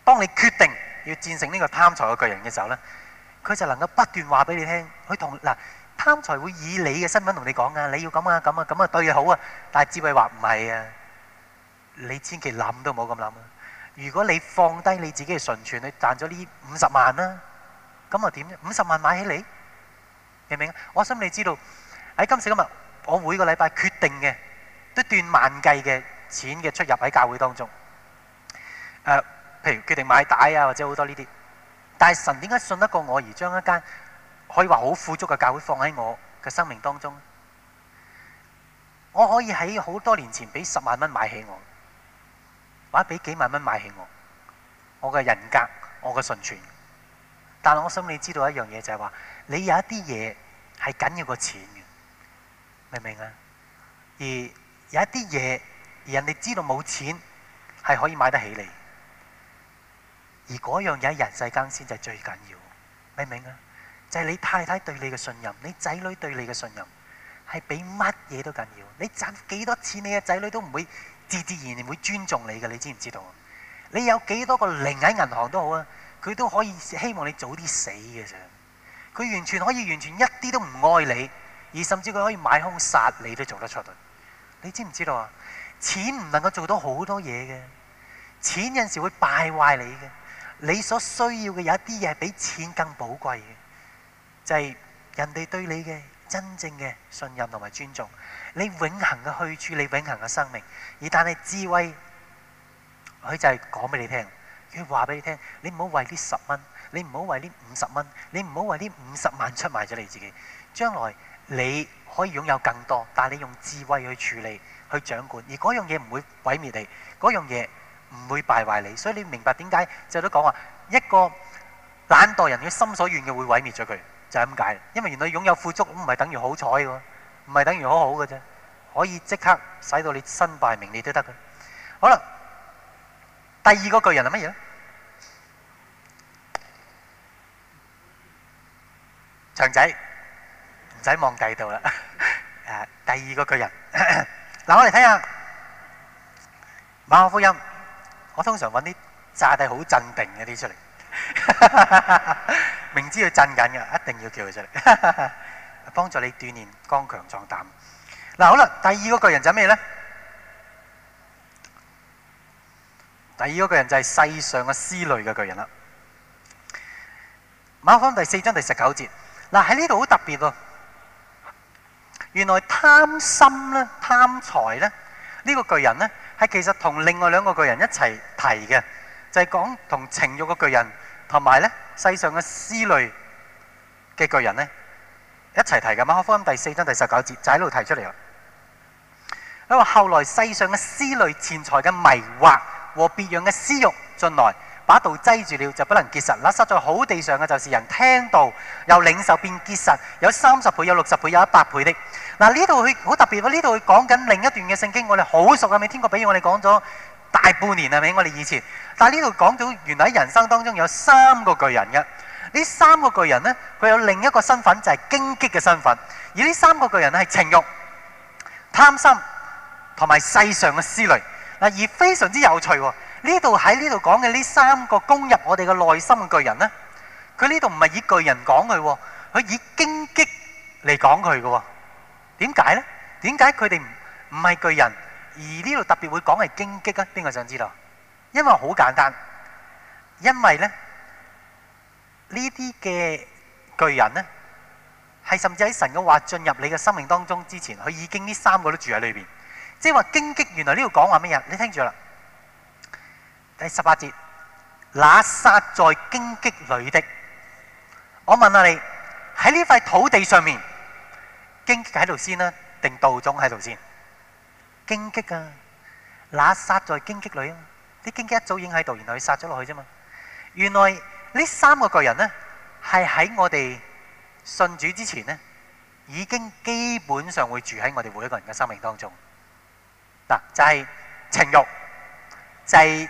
當你決定要戰勝呢個貪財嘅巨人嘅時候咧，佢就能夠不斷話俾你聽，佢同嗱貪財會以你嘅身份同你講啊，你要咁啊，咁啊，咁啊對你好啊。但係智慧話唔係啊，你千祈諗都冇咁諗啊。如果你放低你自己嘅純全，去賺咗呢五十萬啦，咁啊點咧？五十萬買起嚟，明唔明？我希望你知道喺今時今日，我每個禮拜決定嘅，都斷萬計嘅。錢嘅出入喺教會當中，呃，譬如決定買帶啊，或者好多呢啲。但係神點解信得過我而將一間可以話好富足嘅教會放喺我嘅生命當中？我可以喺好多年前俾十萬蚊買起我，或者俾幾萬蚊買起我。我嘅人格，我嘅純全。但係我心裏知道一樣嘢就係話，你有一啲嘢係緊要過錢嘅，明唔明啊？而有一啲嘢。而人哋知道冇錢係可以買得起你，而嗰樣嘢喺人世間先至係最緊要，明唔明啊？就係、是、你太太對你嘅信任，你仔女對你嘅信任係比乜嘢都緊要。你賺幾多錢，你嘅仔女都唔會自自然然會尊重你嘅，你知唔知道？你有幾多個零喺銀行都好啊，佢都可以希望你早啲死嘅啫。佢完全可以完全一啲都唔愛你，而甚至佢可以買兇殺你都做得出來。你知唔知道啊？錢唔能夠做到好多嘢嘅，錢有陣時會敗壞你嘅。你所需要嘅有一啲嘢係比錢更寶貴嘅，就係人哋對你嘅真正嘅信任同埋尊重，你永恒嘅去處，你永恒嘅生命。而但係智慧，佢就係講俾你聽，佢話俾你聽，你唔好為呢十蚊，你唔好為呢五十蚊，你唔好為呢五十萬出賣咗你自己。將來你可以擁有更多，但係你用智慧去處理。去掌管，而嗰樣嘢唔會毀滅你，嗰樣嘢唔會敗壞你，所以你明白點解？就都講話一個懶惰人嘅心所願嘅會毀滅咗佢，就係咁解。因為原來擁有富足，唔係等於好彩嘅，唔係等於好好嘅啫，可以即刻使到你身敗名裂都得嘅。好啦，第二個巨人係乜嘢咧？長仔唔使望第度啦，誒，第二個巨人。嗱，我哋睇下馬可福音，我通常揾啲詐帝好鎮定嗰啲出嚟，明知佢震緊嘅，一定要叫佢出嚟，幫助你鍛煉剛強壯膽。嗱，好啦，第二個巨人就係咩咧？第二個巨人就係世上嘅思慮嘅巨人啦。馬可福音第四章第十九節，嗱喺呢度好特別喎。原來貪心咧、貪財咧，呢、這個巨人咧係其實同另外兩個巨人一齊提嘅，就係講同情欲個巨人同埋咧世上嘅思慮嘅巨人咧一齊提嘅。馬可福音第四章第十九節就喺、是、度提出嚟啦。因為後來世上嘅思慮、錢財嘅迷惑和別樣嘅私慾進來。把道擠住了就不能結實了。嗱，撒在好地上嘅就是人聽道，由領受變結實，有三十倍、有六十倍、有一百倍的。嗱，呢度佢好特別，呢度佢講緊另一段嘅聖經，我哋好熟嘅，咪天國比喻，我哋講咗大半年係咪？我哋以前，但係呢度講到原來喺人生當中有三個巨人嘅。呢三個巨人呢，佢有另一個身份就係荊棘嘅身份，而呢三個巨人係情慾、貪心同埋世上嘅思慮。嗱，而非常之有趣喎。呢度喺呢度講嘅呢三個攻入我哋嘅內心嘅巨人咧，佢呢度唔係以巨人講佢，佢以荊棘嚟講佢嘅。點解咧？點解佢哋唔唔係巨人，而呢度特別會講係荊棘咧？邊個想知道？因為好簡單，因為咧呢啲嘅巨人咧，係甚至喺神嘅話進入你嘅生命當中之前，佢已經呢三個都住喺裏邊。即係話荊棘，原來呢度講話乜嘢？你聽住啦。第十八節，那撒在荊棘裏的。我問下你，喺呢塊土地上面，荊棘喺度先啦，定道種喺度先？荊棘啊，那撒在荊棘裏啊，啲荊棘一早已經喺度，原來佢撒咗落去啫嘛。原來呢三個巨人咧，係喺我哋信主之前咧，已經基本上會住喺我哋每一個人嘅生命當中。嗱，就係情慾，就係。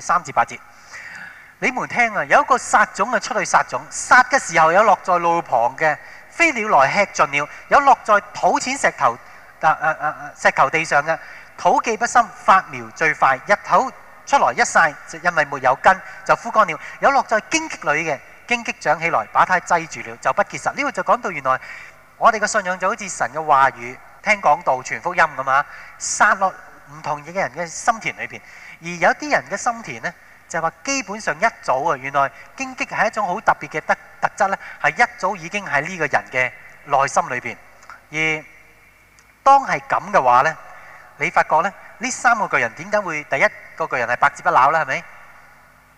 三至八節，你們聽啊！有一個撒種嘅出去撒種，撒嘅時候有落在路旁嘅，飛鳥來吃盡了；有落在土淺石頭、啊啊、石頭地上嘅，土既不深，發苗最快，日頭出來一曬，因為沒有根就枯乾了；有落在荊棘裏嘅，荊棘長起來，把它擠住了，就不結實。呢度就講到原來我哋嘅信仰就好似神嘅話語，聽講道、傳福音咁嘛。撒落唔同嘢嘅人嘅心田裏邊。而有啲人嘅心田咧，就係話基本上一早啊，原來攻擊係一種好特別嘅特特質咧，係一早已經喺呢個人嘅內心裏邊。而當係咁嘅話咧，你發覺咧，呢三個巨人點解會第一個巨人係百折不撓咧？係咪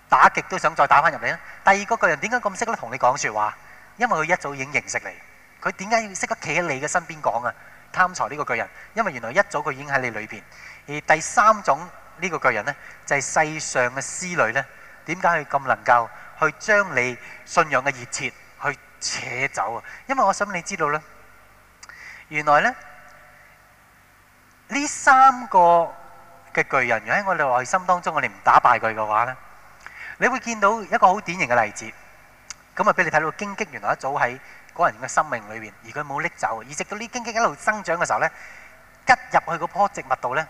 打極都想再打翻入嚟咧？第二個巨人點解咁識得同你講説話？因為佢一早已經認識你。佢點解要識得企喺你嘅身邊講啊？貪財呢個巨人，因為原來一早佢已經喺你裏邊。而第三種。呢個巨人咧，就係世上嘅思慮咧。點解佢咁能夠去將你信仰嘅熱切去扯走啊？因為我想你知道咧，原來咧呢三個嘅巨人，如果喺我哋內心當中，我哋唔打敗佢嘅話咧，你會見到一個好典型嘅例子。咁啊，俾你睇到荊棘，原來一早喺嗰人嘅生命裏面，而佢冇拎走。而直到呢荊棘一路增長嘅時候咧，吉入去嗰棵植物度咧。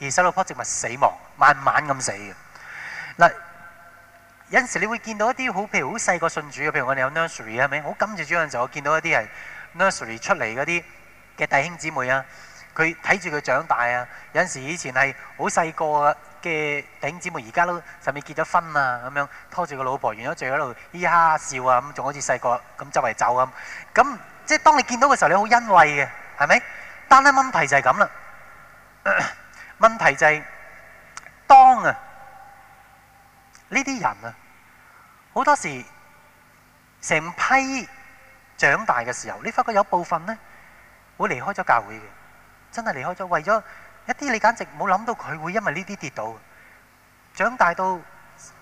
而十六棵植物死亡，慢慢咁死嘅。嗱，有陣時你會見到一啲好譬如好細個信主嘅，譬如我哋有 nursery 係咪？我今次主任就我見到一啲係 nursery 出嚟嗰啲嘅弟兄姊妹啊，佢睇住佢長大啊。有陣時以前係好細個嘅弟兄姊妹，而家都甚至結咗婚啊，咁樣拖住個老婆然後仲喺度嘻哈笑啊，咁仲好似細個咁周圍走咁。咁即係當你見到嘅時候，你好欣慰嘅，係咪？但係問題就係咁啦。問題就係、是，當啊呢啲人啊，好多時成批長大嘅時候，你發覺有部分咧會離開咗教會嘅，真係離開咗，為咗一啲你簡直冇諗到佢會因為呢啲跌倒。長大到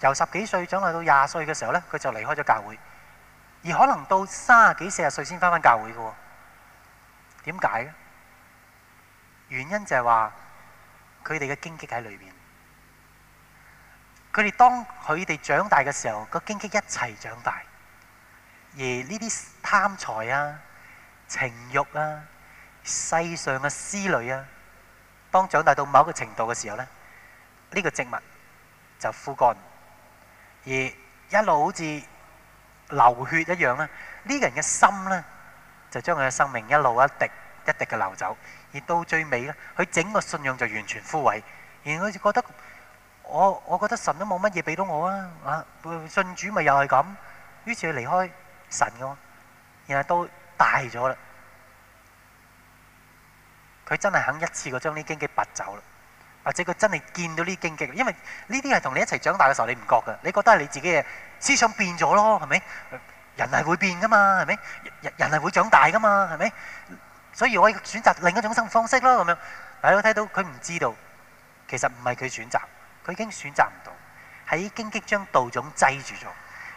由十幾歲長大到廿歲嘅時候咧，佢就離開咗教會，而可能到三啊幾四啊歲先翻返教會嘅喎。點解咧？原因就係話。佢哋嘅荊棘喺裏邊，佢哋當佢哋長大嘅時候，個荊棘一齊長大，而呢啲貪財啊、情欲啊、世上嘅思慮啊，當長大到某一個程度嘅時候咧，呢個植物就枯乾，而一路好似流血一樣咧，呢個人嘅心咧，就將佢嘅生命一路一滴一滴嘅流走。到最尾咧，佢整個信仰就完全枯萎，然後佢就覺得我，我覺得神都冇乜嘢俾到我啊！信主咪又係咁，於是佢離開神嘅，然後都大咗啦。佢真係肯一次過將啲荊棘拔走啦，或者佢真係見到啲荊棘，因為呢啲係同你一齊長大嘅時候，你唔覺嘅，你覺得係你自己嘅思想變咗咯，係咪？人係會變噶嘛，係咪？人係會長大噶嘛，係咪？所以我要選擇另一種生活方式咯，咁樣。大家都睇到佢唔知道，其實唔係佢選擇，佢已經選擇唔到，喺荊棘將道種擠住咗。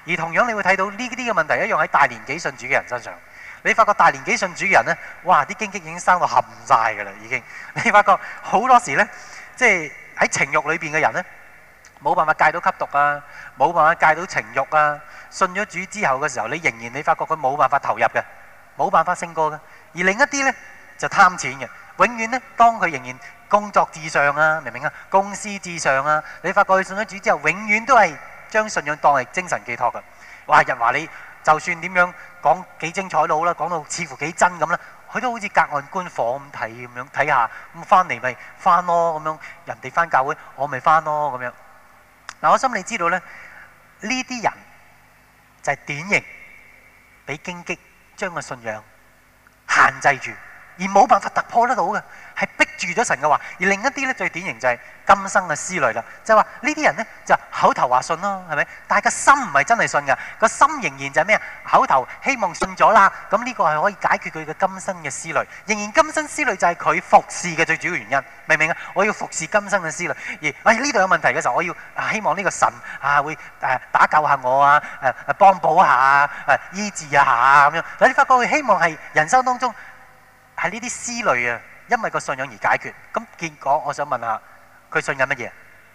而同樣你會睇到呢啲嘅問題一樣喺大年紀信主嘅人身上。你發覺大年紀信主嘅人呢，哇！啲荊棘已經生到冚晒㗎啦，已經。你發覺好多時呢，即係喺情欲裏邊嘅人呢，冇辦法戒到吸毒啊，冇辦法戒到情欲啊。信咗主之後嘅時候，你仍然你發覺佢冇辦法投入嘅，冇辦法勝過嘅。而另一啲咧就貪錢嘅，永遠咧當佢仍然工作至上啊，明唔明啊？公司至上啊，你發覺佢信咗主之後，永遠都係將信仰當係精神寄託嘅。哇！人話你就算點樣講幾精彩都好啦，講到似乎幾真咁啦，佢都好似隔岸觀火咁睇咁樣睇下，咁翻嚟咪翻咯咁樣。人哋翻教會，我咪翻咯咁樣。嗱，我心裏知道咧，呢啲人就係典型俾荊棘將個信仰。限制住。而冇辦法突破得到嘅，係逼住咗神嘅話。而另一啲咧最典型就係今生嘅思慮啦，就係話呢啲人咧就口頭話信咯，係咪？但係個心唔係真係信嘅，個心仍然就係咩啊？口頭希望信咗啦，咁呢個係可以解決佢嘅今生嘅思慮。仍然今生思慮就係佢服侍嘅最主要原因，明唔明啊？我要服侍今生嘅思慮，而喂呢度有問題嘅時候，我要、啊、希望呢個神啊會誒、啊、打救下我啊，誒幫補下啊，誒醫治一下啊咁樣。嗱，你發覺佢希望係人生當中，係呢啲思慮啊，因為個信仰而解決。咁結果，我想問一下，佢信緊乜嘢？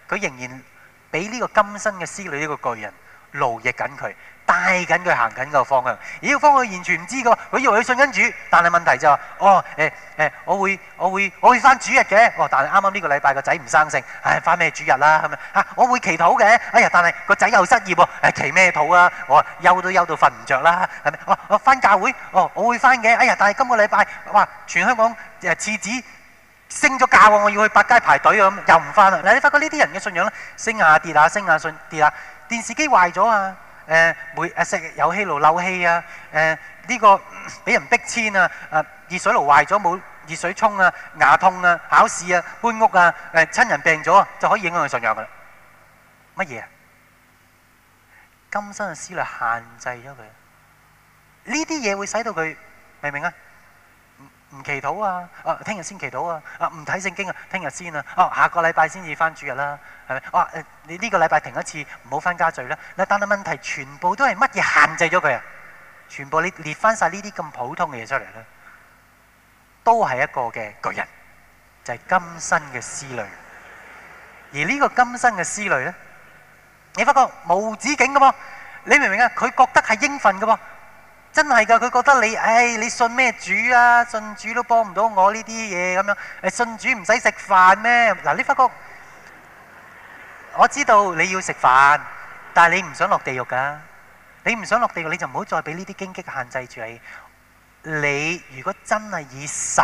佢仍然俾呢個今生嘅思慮呢、呢個巨人奴役緊佢。帶緊佢行緊個方向，咦？個方向完全唔知噶。佢以為佢信緊主，但係問題就係話：哦，誒誒，我會我會我會翻主日嘅。哦，但係啱啱呢個禮拜個仔唔生性，唉，翻咩主日啦咁啊？嚇，我會祈禱嘅。哎呀，但係個仔又失業喎，祈咩禱啊？我休都休到瞓唔著啦。係咪？我我翻教會，哦，我會翻嘅。哎呀，但係今個禮拜，哇，全香港誒廁紙升咗價喎，我要去百佳排隊咁，又唔翻啦。嗱，你發覺呢啲人嘅信仰咧，升下跌下，升下信跌下，電視機壞咗啊！誒每誒石油氣爐漏氣啊！誒呢個俾人迫遷啊！誒熱水爐壞咗冇熱水沖啊！牙痛啊！考試啊！搬屋啊！誒親人病咗啊，就可以影響佢信仰噶啦。乜嘢啊？今生嘅思慮限制咗佢，呢啲嘢會使到佢明唔明啊？唔祈禱啊！啊，聽日先祈禱啊！啊，唔睇聖經啊，聽日先啊！啊，下個禮拜先至翻主日啦，啊，係咪？啊，你、啊、呢、呢個禮拜停一次，唔好翻家聚啦，啊。你等等問題，全部都係乜嘢限制咗佢啊？全部你列翻晒呢啲咁普通嘅嘢出嚟咧，都係一個嘅巨人，就係、係、今生嘅思慮。而呢個今生嘅思慮咧，你發覺無止境嘅噃，你明唔明啊？佢覺得係應份嘅噃。真係噶，佢覺得你，唉、哎，你信咩主啊？信主都幫唔到我呢啲嘢咁樣。誒，信主唔使食飯咩？嗱，你發覺，我知道你要食飯，但係你唔想落地獄㗎。你唔想落地獄，你就唔好再俾呢啲荊棘限制住你。你如果真係以神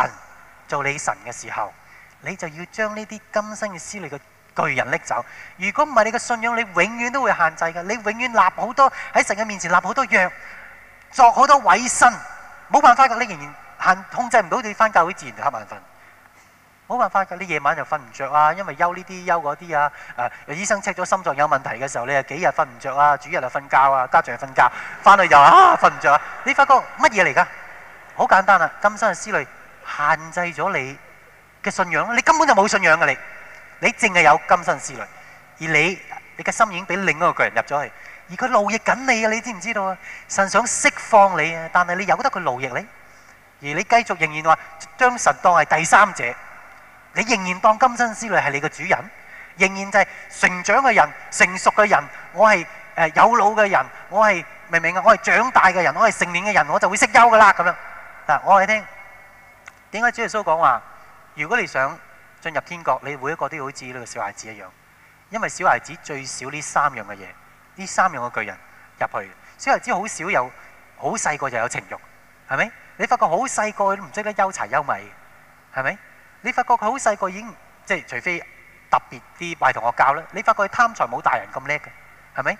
做你神嘅時候，你就要將呢啲今生嘅思慮嘅巨人拎走。如果唔係你嘅信仰，你永遠都會限制㗎。你永遠立好多喺神嘅面前立好多約。作好多委身，冇辦法㗎，你仍然限控制唔到，你翻教會自然就瞌眼瞓，冇辦法㗎，你夜晚又瞓唔着啊，因為憂呢啲憂嗰啲啊，啊，呃、醫生 check 咗心臟有問題嘅時候，你又幾日瞓唔着啊，主日又瞓覺啊，家長又瞓覺，翻去又啊瞓唔着啊。你發覺乜嘢嚟㗎？好簡單啊，今生嘅思慮限制咗你嘅信仰，你根本就冇信仰㗎你，你淨係有今生思慮，而你你嘅心已經俾另一個巨人入咗去。而佢奴役緊你啊！你知唔知道啊？神想釋放你啊，但係你由得佢奴役你，而你繼續仍然話將神當係第三者，你仍然當今生之類係你嘅主人，仍然就係成長嘅人、成熟嘅人。我係誒有腦嘅人，我係明唔明啊？我係長大嘅人，我係成年嘅人，我就會識休噶啦咁樣嗱。我話你聽點解主耶穌講話：如果你想進入天國，你每一個都好似呢個小孩子一樣，因為小孩子最少呢三樣嘅嘢。呢三樣嘅巨人入去，小孩子好少有，好細個就有情慾，係咪？你發覺好細個都唔識得憂柴憂米，係咪？你發覺佢好細個已經，即係除非特別啲壞同學教咧，你發覺貪財冇大人咁叻嘅，係咪？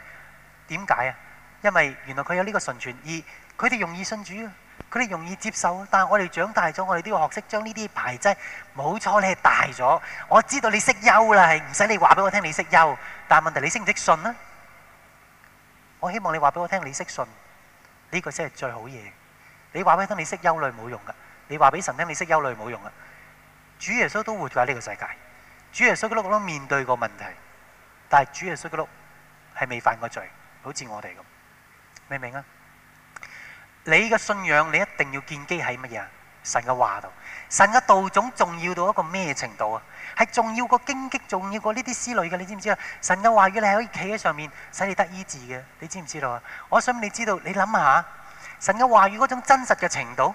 點解啊？因為原來佢有呢個純全意，佢哋容易信主啊，佢哋容易接受啊。但係我哋長大咗，我哋都要學識將呢啲排擠。冇錯，你係大咗，我知道你識憂啦，係唔使你話俾我聽你識憂，但係問題是你識唔識信咧？我希望你話俾我聽你識信，呢個先係最好嘢。你話俾我聽你識憂慮冇用噶，你話俾神聽你識憂慮冇用噶。主耶穌都活在呢個世界，主耶穌嘅碌碌面對過問題，但係主耶穌嘅碌係未犯過罪，好似我哋咁，明唔明啊？你嘅信仰你一定要建基喺乜嘢啊？神嘅話度，神嘅道種重要到一個咩程度啊？係重要過荊棘，重要過呢啲思慮嘅，你知唔知啊？神嘅話語，你係可以企喺上面使你得醫治嘅，你知唔知道啊？我想你知道，你諗下神嘅話語嗰種真實嘅程度，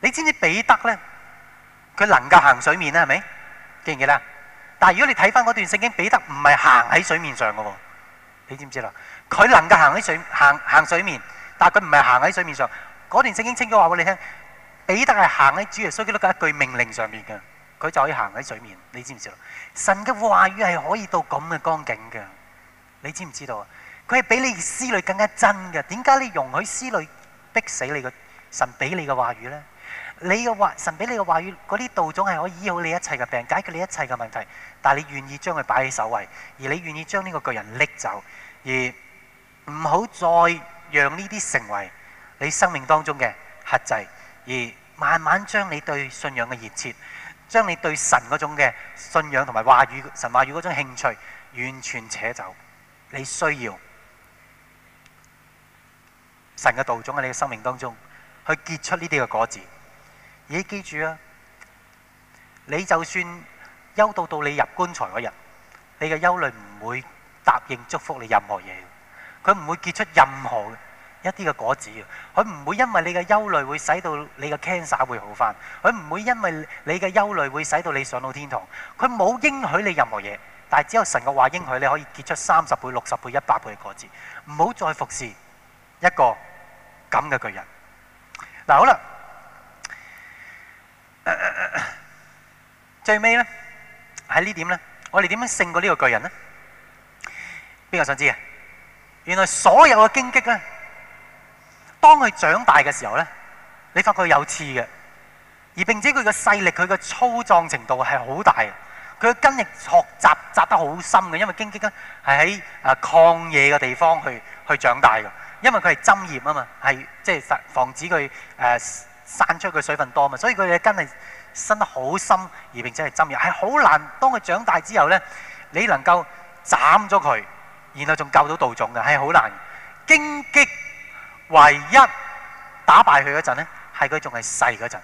你知唔知彼得咧？佢能夠行水面咧，係咪記唔記得？但係如果你睇翻嗰段聖經，彼得唔係行喺水面上嘅，你知唔知啦？佢能夠行喺水行行水面，但係佢唔係行喺水面上。嗰段聖經清楚話俾你聽，彼得係行喺主耶穌基督一句命令上面嘅。佢就可以行喺水面，你知唔知道，神嘅話語係可以到咁嘅光景嘅，你知唔知道啊？佢係比你思慮更加真嘅。點解你容許思慮逼死你嘅神俾你嘅話語呢？你嘅話，神俾你嘅話語，嗰啲道種係可以醫好你一切嘅病，解決你一切嘅問題。但係你願意將佢擺喺首位，而你願意將呢個巨人拎走，而唔好再讓呢啲成為你生命當中嘅轄制，而慢慢將你對信仰嘅熱切。將你對神嗰種嘅信仰同埋話語、神話語嗰種興趣完全扯走，你需要神嘅道種喺你嘅生命當中去結出呢啲嘅果子。而記住啊，你就算憂到到你入棺材嗰日，你嘅憂慮唔會答應祝福你任何嘢，佢唔會結出任何。一啲嘅果子佢唔會因為你嘅憂慮會使到你嘅 cancer 會好返，佢唔會因為你嘅憂慮會使到你上到天堂，佢冇應許你任何嘢，但係只有神嘅話應許你可以結出三十倍、六十倍、一百倍嘅果子，唔好再服侍一個咁嘅巨人。嗱好啦，呃呃，最尾呢，喺呢點呢？我哋點樣勝過呢個巨人呢？邊個想知啊？原來所有嘅荊棘呢。當佢長大嘅時候呢，你發覺佢有刺嘅，而並且佢嘅勢力、佢嘅粗壯程度係好大嘅，佢嘅根亦學扎扎得好深嘅，因為荊棘呢係喺啊曠野嘅地方去去長大嘅，因為佢係針葉啊嘛，係即係防止佢誒、呃、散出佢水分多嘛，所以佢嘅根係生得好深，而並且係針葉係好難。當佢長大之後呢，你能夠斬咗佢，然後仲救到道種嘅係好難。荊棘。唯一打敗佢嗰陣咧，係佢仲係細嗰陣，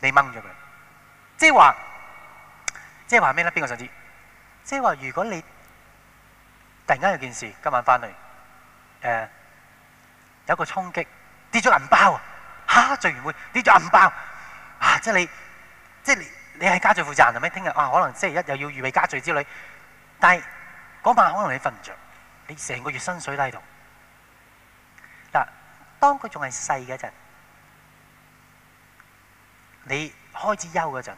你掹咗佢。即係話，即係話咩咧？邊個想知。即係話，如果你突然間有件事，今晚翻嚟，誒、呃、有個衝擊，跌咗銀包啊！嚇、啊，聚完會跌咗銀包啊！啊即係你，即係你，你係家聚負責人啊？咩？聽日啊，可能星期一又要預備家聚之類。但係嗰晚可能你瞓唔着，你成個月薪水都喺度。當佢仲係細嗰陣，你開始休嗰陣，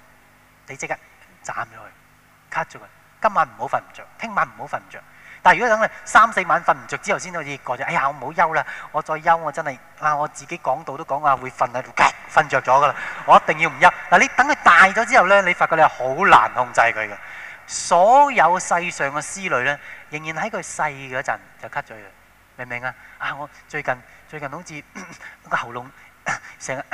你即刻斬咗佢，cut 咗佢。今晚唔好瞓唔着，聽晚唔好瞓唔着。但係如果等你三四晚瞓唔着之後，先可以過咗。哎呀，我唔好休啦，我再休我真係啊，我自己講道都講話會瞓喺度，瞓、呃、着咗噶啦。我一定要唔休。嗱，你等佢大咗之後咧，你發覺你係好難控制佢嘅。所有世上嘅思慮咧，仍然喺佢細嗰陣就 cut 咗佢。明唔明啊？啊，我最近最近好似個喉嚨成日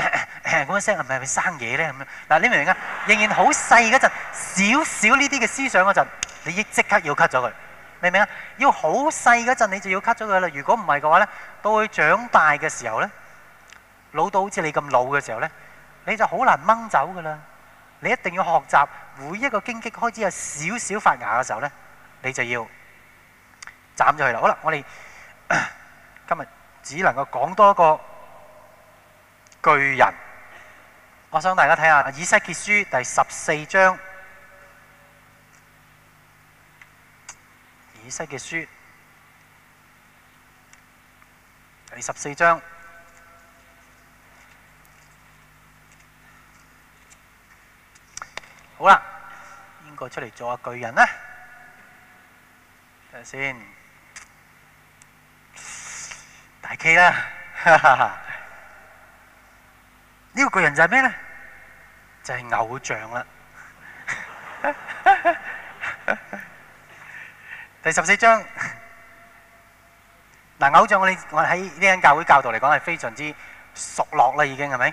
咁嘅聲，係咪會生嘢咧？咁樣嗱，你明唔明啊？仍然好細嗰陣，少少呢啲嘅思想嗰陣，你亦即刻要 cut 咗佢，明唔明啊？要好細嗰陣，你就要 cut 咗佢啦。如果唔係嘅話咧，到佢長大嘅時候咧，老到好似你咁老嘅時候咧，你就好難掹走噶啦。你一定要學習，每一個荊棘開始有少少發芽嘅時候咧，你就要斬咗佢啦。好啦，我哋。今日只能夠講多個巨人，我想大家睇下《以西結書》第十四章，《以西結書》第十四章。好啦，邊個出嚟做下巨人呢？睇下先。大 K 啦，呢 <laughs> 個巨人就係咩咧？就係、是、偶像啦。 <laughs> 第十四章嗱， <laughs> 偶像我哋我喺呢間教會教導嚟講係非常之熟落啦，已經係咪？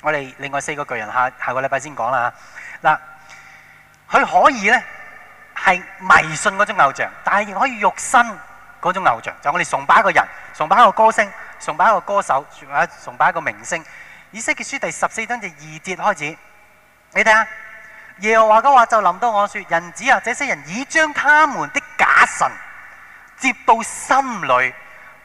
我哋另外四個巨人下下個禮拜先講啦吓。嗱，佢可以咧係迷信嗰種偶像，但係亦可以肉身嗰種偶像，就是、我哋崇拜一個人。崇拜一個歌星，崇拜一個歌手，崇拜一個明星。以西結書第十四章第二節開始，你睇下，耶和華嘅話就臨到我説：人子啊，這些人已將他們的假神接到心裡，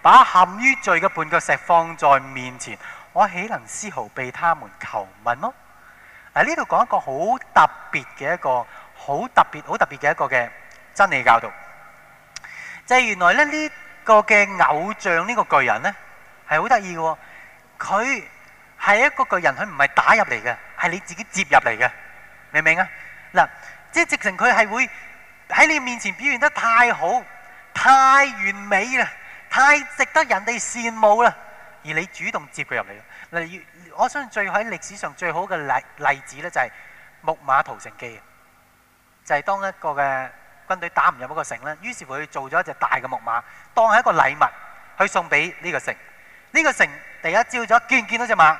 把陷於罪嘅絆腳石放在面前，我豈能絲毫被他們求問咯？啊，呢度講一個好特別嘅一個好特別、好特別嘅一個嘅真理教導，就係、是、原來咧呢。個嘅偶像呢個巨人呢，係好得意嘅。佢係一個巨人，佢唔係打入嚟嘅，係你自己接入嚟嘅，明唔明啊？嗱，即係直情佢係會喺你面前表現得太好、太完美啦、太值得人哋羨慕啦，而你主動接佢入嚟。例如，我相信最後喺歷史上最好嘅例例子呢，就係木馬屠城記，就係、是、當一個嘅。軍隊打唔入嗰個城咧，於是佢做咗一隻大嘅木馬，當係一個禮物去送俾呢個城。呢個城第一朝早見唔見到隻馬？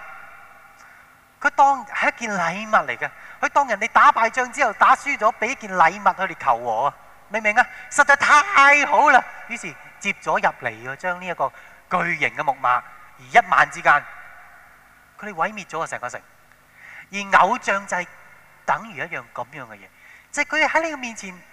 佢當係一件禮物嚟嘅，佢當人哋打敗仗之後打輸咗，俾一件禮物佢哋求和啊！明唔明啊？實在太好啦！於是接咗入嚟啊，將呢一個巨型嘅木馬，而一晚之間，佢哋毀滅咗成個城。而偶像就係等於一樣咁樣嘅嘢，即係佢喺你嘅面前。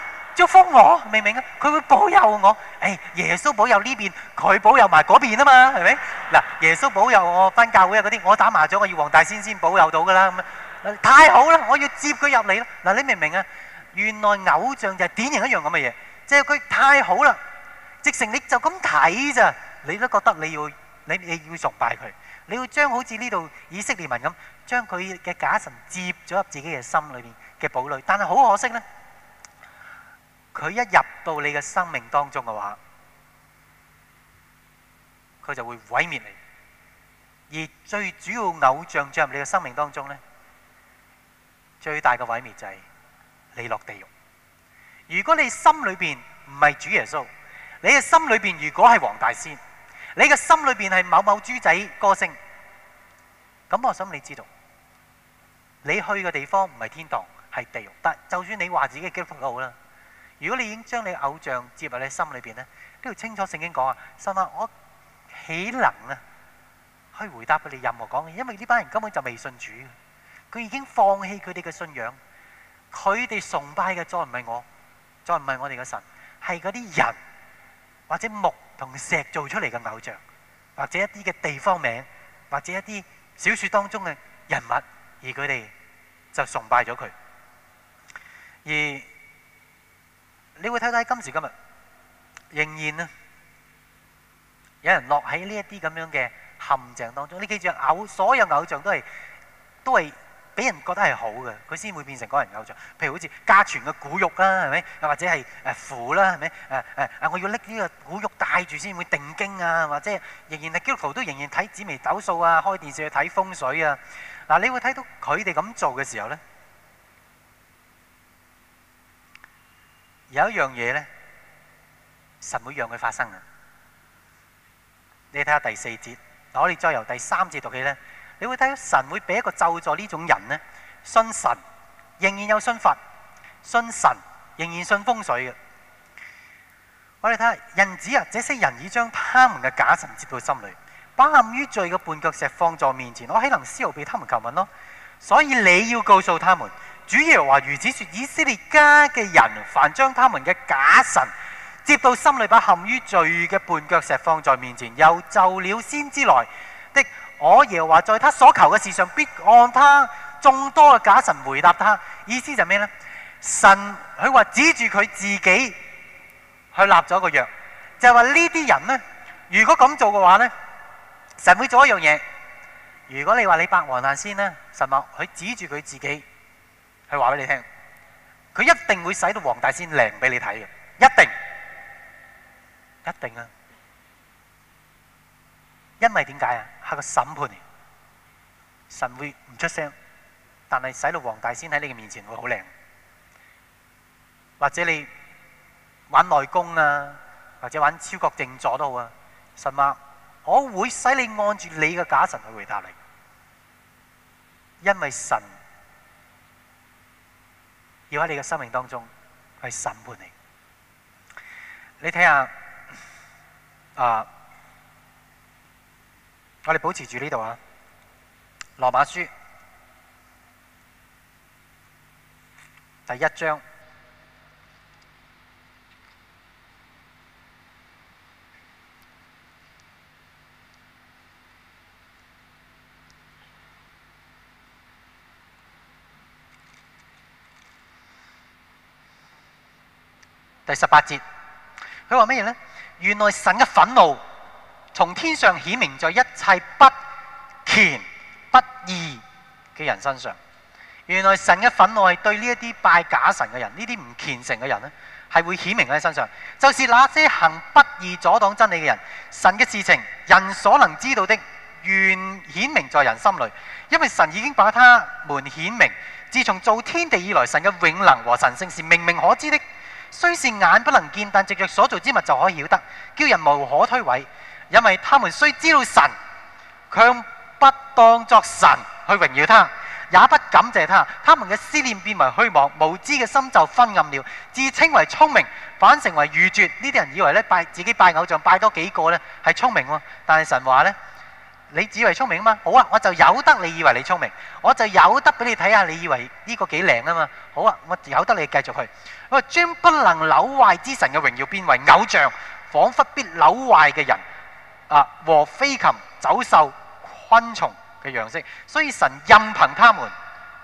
祝福我，明唔明啊？佢會保佑我。誒，耶穌保佑呢邊，佢保佑埋嗰邊啊嘛，係咪？嗱，耶穌保佑我返教會啊嗰啲，我打麻雀我要黃大仙先保佑到噶啦咁啊！太好啦，我要接佢入嚟啦。嗱，你明唔明啊？原來偶像就係典型一樣咁嘅嘢，即係佢太好啦，直情你就咁睇咋，你都覺得你要你你要崇拜佢，你要將好似呢度以色列民咁，將佢嘅假神接咗入自己嘅心裏邊嘅堡壘，但係好可惜咧。佢一入到你嘅生命當中嘅話，佢就會毀滅你。而最主要偶像進入你嘅生命當中咧，最大嘅毀滅就係你落地獄。如果你心裏邊唔係主耶穌，你嘅心裏邊如果係黃大仙，你嘅心裏邊係某某豬仔歌星，咁我想你知道，你去嘅地方唔係天堂，係地獄。但就算你話自己嘅基督徒都好啦。如果你已經將你偶像接入你心裏邊咧，都要清楚聖經講啊，神啊，我豈能啊，可以回答佢哋任何講嘅？因為呢班人根本就未信主，佢已經放棄佢哋嘅信仰，佢哋崇拜嘅，再唔係我，再唔係我哋嘅神，係嗰啲人或者木同石做出嚟嘅偶像，或者一啲嘅地方名，或者一啲小說當中嘅人物，而佢哋就崇拜咗佢，而。你會睇睇今時今日，仍然啊，有人落喺呢一啲咁樣嘅陷阱當中。你記住，所有偶像，所有偶像都係都係俾人覺得係好嘅，佢先會變成嗰人偶像。譬如好似家傳嘅古玉啦，係咪？又或者係誒符啦，係咪？誒誒，我要拎呢個古玉帶住先會定經啊，或者仍然係基督徒都仍然睇紫微斗數啊，開電視去睇風水啊。嗱，你會睇到佢哋咁做嘅時候咧？有一樣嘢咧，神會讓佢發生嘅。你睇下第四節，我哋再由第三節讀起咧，你會睇到神會俾一個咒詛呢種人咧，信神仍然有信佛，信神仍然信風水嘅。我哋睇下，人子啊，這些人已將他們嘅假神接到心裏，把陷母於罪嘅絆腳石放在面前，我豈能絲毫俾他們求問咯？所以你要告訴他們。主耶和華如此說：以色列家嘅人，凡將他們嘅假神接到心裏，把陷於罪嘅絆腳石放在面前，又就了先知來的我耶和華，在他所求嘅事上，必按他眾多嘅假神回答他。意思就咩呢？神佢話指住佢自己去立咗個約，就係話呢啲人呢，如果咁做嘅話呢，神會做一樣嘢。如果你話你拜黃大仙咧，神冇佢指住佢自己。佢話俾你聽，佢一定會使到黃大仙靈俾你睇嘅，一定，一定啊！因為點解啊？係個審判，神會唔出聲，但係使到黃大仙喺你嘅面前會好靚，或者你玩內功啊，或者玩超覺靜坐都好啊。神話，我會使你按住你嘅假神去回答你，因為神。要喺你嘅生命當中去審判你。你睇下啊，我哋保持住呢度啊，《羅馬書》第一章，第十八節，佢話咩呢？原來神嘅憤怒從天上顯明在一切不虔不義嘅人身上。原來神嘅憤怒係對呢一啲拜假神嘅人，呢啲唔虔誠嘅人呢，係會顯明喺身上。就是那些行不義、阻擋真理嘅人，神嘅事情，人所能知道的，原顯明在人心裏。因為神已經把他們顯明。自從造天地以來，神嘅永能和神性，是明明可知的。雖是眼不能見，但藉著所造之物就可以曉得，叫人無可推諉。因為他們雖知道神，卻不當作神去榮耀他，也不感謝他。他們嘅思念變為虛妄，無知嘅心就昏暗了。自稱為聰明，反成為愚拙。呢啲人以為咧，拜自己，拜偶像，拜多幾個呢，係聰明喎，但係神話呢，你只以為聰明啊嘛。好啊，我就有得你以為你聰明，我就有得俾你睇下，你以為呢個幾靚啊嘛？好啊，我有得你繼續去。我將不能扭壞之神嘅榮耀變為偶像，仿佛必扭壞嘅人啊、和飛禽走獸、昆蟲嘅樣式，所以神任憑他們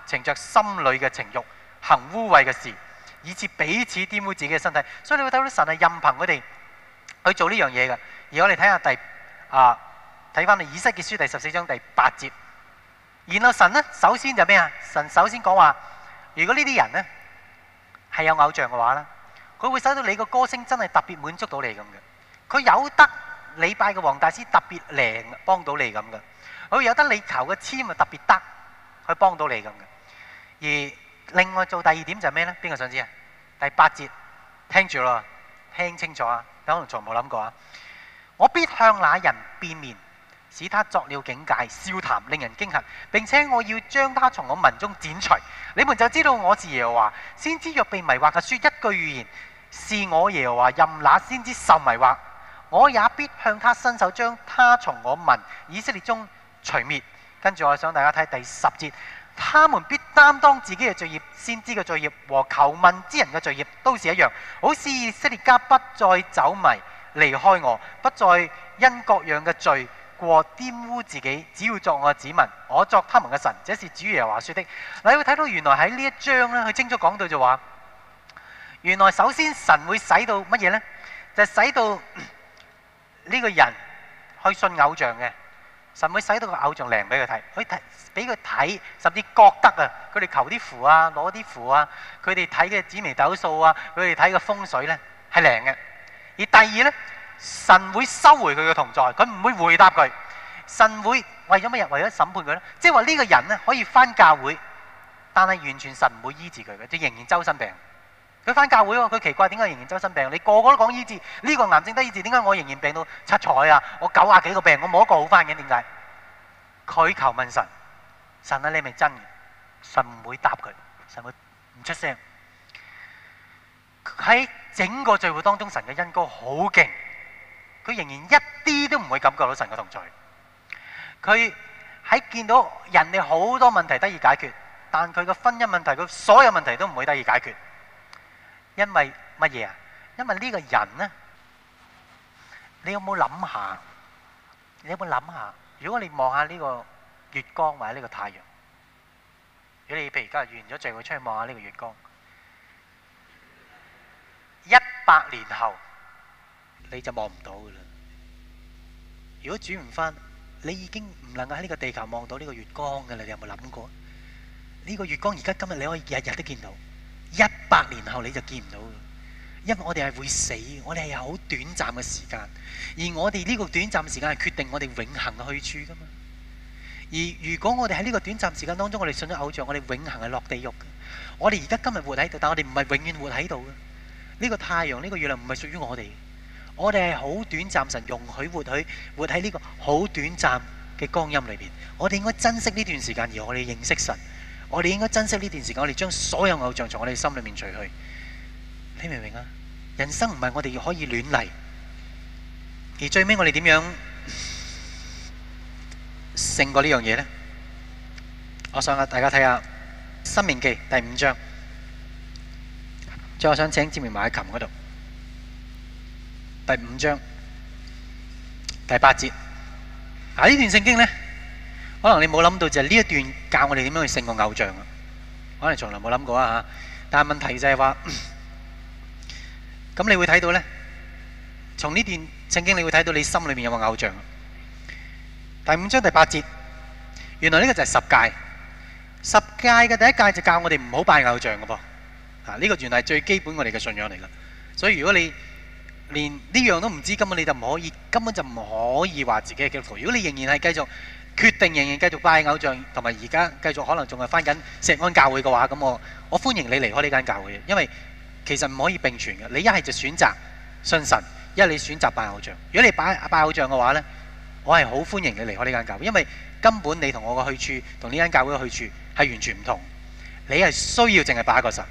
情着心裏嘅情慾行污穢嘅事，以至彼此玷污自己嘅身體。所以你會睇到神係任憑佢哋去做呢樣嘢嘅。而我哋睇下第啊，睇翻《嘅以西結書》第十四章第八節，然後神呢，首先就係咩啊？神首先講話：如果呢啲人呢……」係有偶像嘅話咧，佢會使到你個歌聲真係特別滿足到你咁嘅。佢有得禮拜嘅黃大師特別靈幫到你咁嘅。佢有得你求嘅籤啊特別得去幫到你咁嘅。而另外做第二點就係咩咧？邊個想知啊？第八節，聽住咯，聽清楚啊！你可能從冇諗過啊？我必向那人變面。使他作了警戒，笑談令人驚嚇。並且我要將他從我民中剪除，你們就知道我是耶和華。先知若被迷惑書，嘅説一句預言，是我耶和華任那先知受迷惑，我也必向他伸手，將他從我民以色列中除滅。跟住我想大家睇第十節，他們必擔當自己嘅罪業，先知嘅罪業和求問之人嘅罪業都是一樣。好使以色列家不再走迷，離開我，不再因各樣嘅罪。過玷污自己，只要作我嘅子民，我作他們嘅神，這是主耶穌話說的。你會睇到原來喺呢一章咧，佢清楚講到就話、是，原來首先神會使到乜嘢咧？就是、使到呢，這個人可以信偶像嘅，神會使到個偶像靚俾佢睇，俾佢睇俾佢睇，甚至覺得啊，佢哋求啲符啊，攞啲符啊，佢哋睇嘅紫微斗數啊，佢哋睇嘅風水咧係靚嘅。而第二咧。神會收回佢嘅同在，佢唔會回答佢。神會為咗乜嘢？為咗審判佢咧。即係話呢個人咧可以翻教會，但係完全神唔會醫治佢嘅，佢仍然周身病。佢翻教會，佢奇怪點解仍然周身病？你個個都講醫治，呢個癌症得醫治，點解我仍然病到七彩啊？我九廿幾個病，我冇一個好翻嘅，點解？佢求問神，神啊你咪真嘅，神唔會答佢，神會唔出聲。喺整個聚會當中，神嘅恩歌好勁。佢仍然一啲都唔會感覺到神嘅同在。佢喺見到人哋好多問題得以解決，但佢嘅婚姻問題，佢所有問題都唔會得以解決，因為什麼。因為乜嘢啊？因為呢個人呢？你有冇諗下？你有冇諗下？如果你望下呢個月光或者呢個太陽，如果你譬如而家完咗聚會出去望下呢個月光，一百年後。你就望唔到噶啦！如果轉唔翻，你已經唔能夠喺呢個地球望到呢個月光噶啦！你有冇諗過？呢個月光而家今日你可以日日都見到，一百年後你就見唔到噶。因為我哋係會死，我哋係有好短暫嘅時間，而我哋呢個短暫時間係決定我哋永恆嘅去處噶嘛。而如果我哋喺呢個短暫時間當中，我哋信咗偶像，我哋永恆係落地獄。我哋而家今日活喺度，但我哋唔係永遠活喺度噶。呢個太陽、呢個月亮唔係屬於我哋。我哋係好短暫，神容許活許活喺呢個好短暫嘅光陰裏面。我哋應該珍惜呢段時間，而我哋認識神。我哋應該珍惜呢段時間，我哋將所有偶像從我哋心裏面除去。你明唔明啊？人生唔係我哋要可以亂嚟，而最尾我哋點樣勝過呢樣嘢呢？我想啊，大家睇下《申命記》第五章，最後想請志明埋喺琴嗰度。第五章第八節，啊呢段聖經呢，可能你冇諗到就係呢一段教我哋點樣去勝個偶像啊，可能從來冇諗過啊吓，但係問題就係、是、話，咁你會睇到呢，從呢段聖經你會睇到你心裏面有個偶像。第五章第八節，原來呢個就係十誡，十誡嘅第一誡就教我哋唔好拜偶像噶噃，啊、這、呢個原嚟係最基本我哋嘅信仰嚟噶，所以如果你連呢樣都唔知，根本你就唔可以，根本就唔可以話自己係基督徒。如果你仍然係繼續決定仍然繼續拜偶像，同埋而家繼續可能仲係返緊石安教會嘅話，咁我我歡迎你離開呢間教會，因為其實唔可以並存嘅。你一係就選擇信神，一係你選擇拜偶像。如果你拜拜偶像嘅話呢，我係好歡迎你離開呢間教會，因為根本你同我個去處同呢間教會嘅去處係完全唔同。你係需要淨係拜一個神，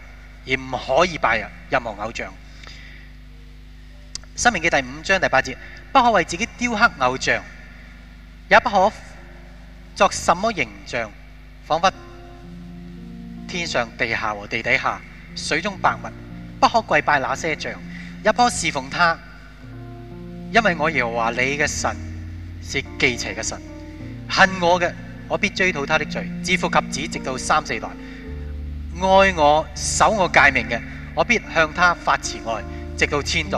而唔可以拜任任何偶像。申命記第五章第八節，不可為自己雕刻偶像，也不可作什麼形象，彷彿天上、地下和地底下、水中百物。不可跪拜那些像，也不可侍奉他，因為我耶和華說你嘅神是忌邪嘅神。恨我嘅，我必追討他的罪，自父及子，直到三四代；愛我、守我誡命嘅，我必向他發慈愛，直到千代。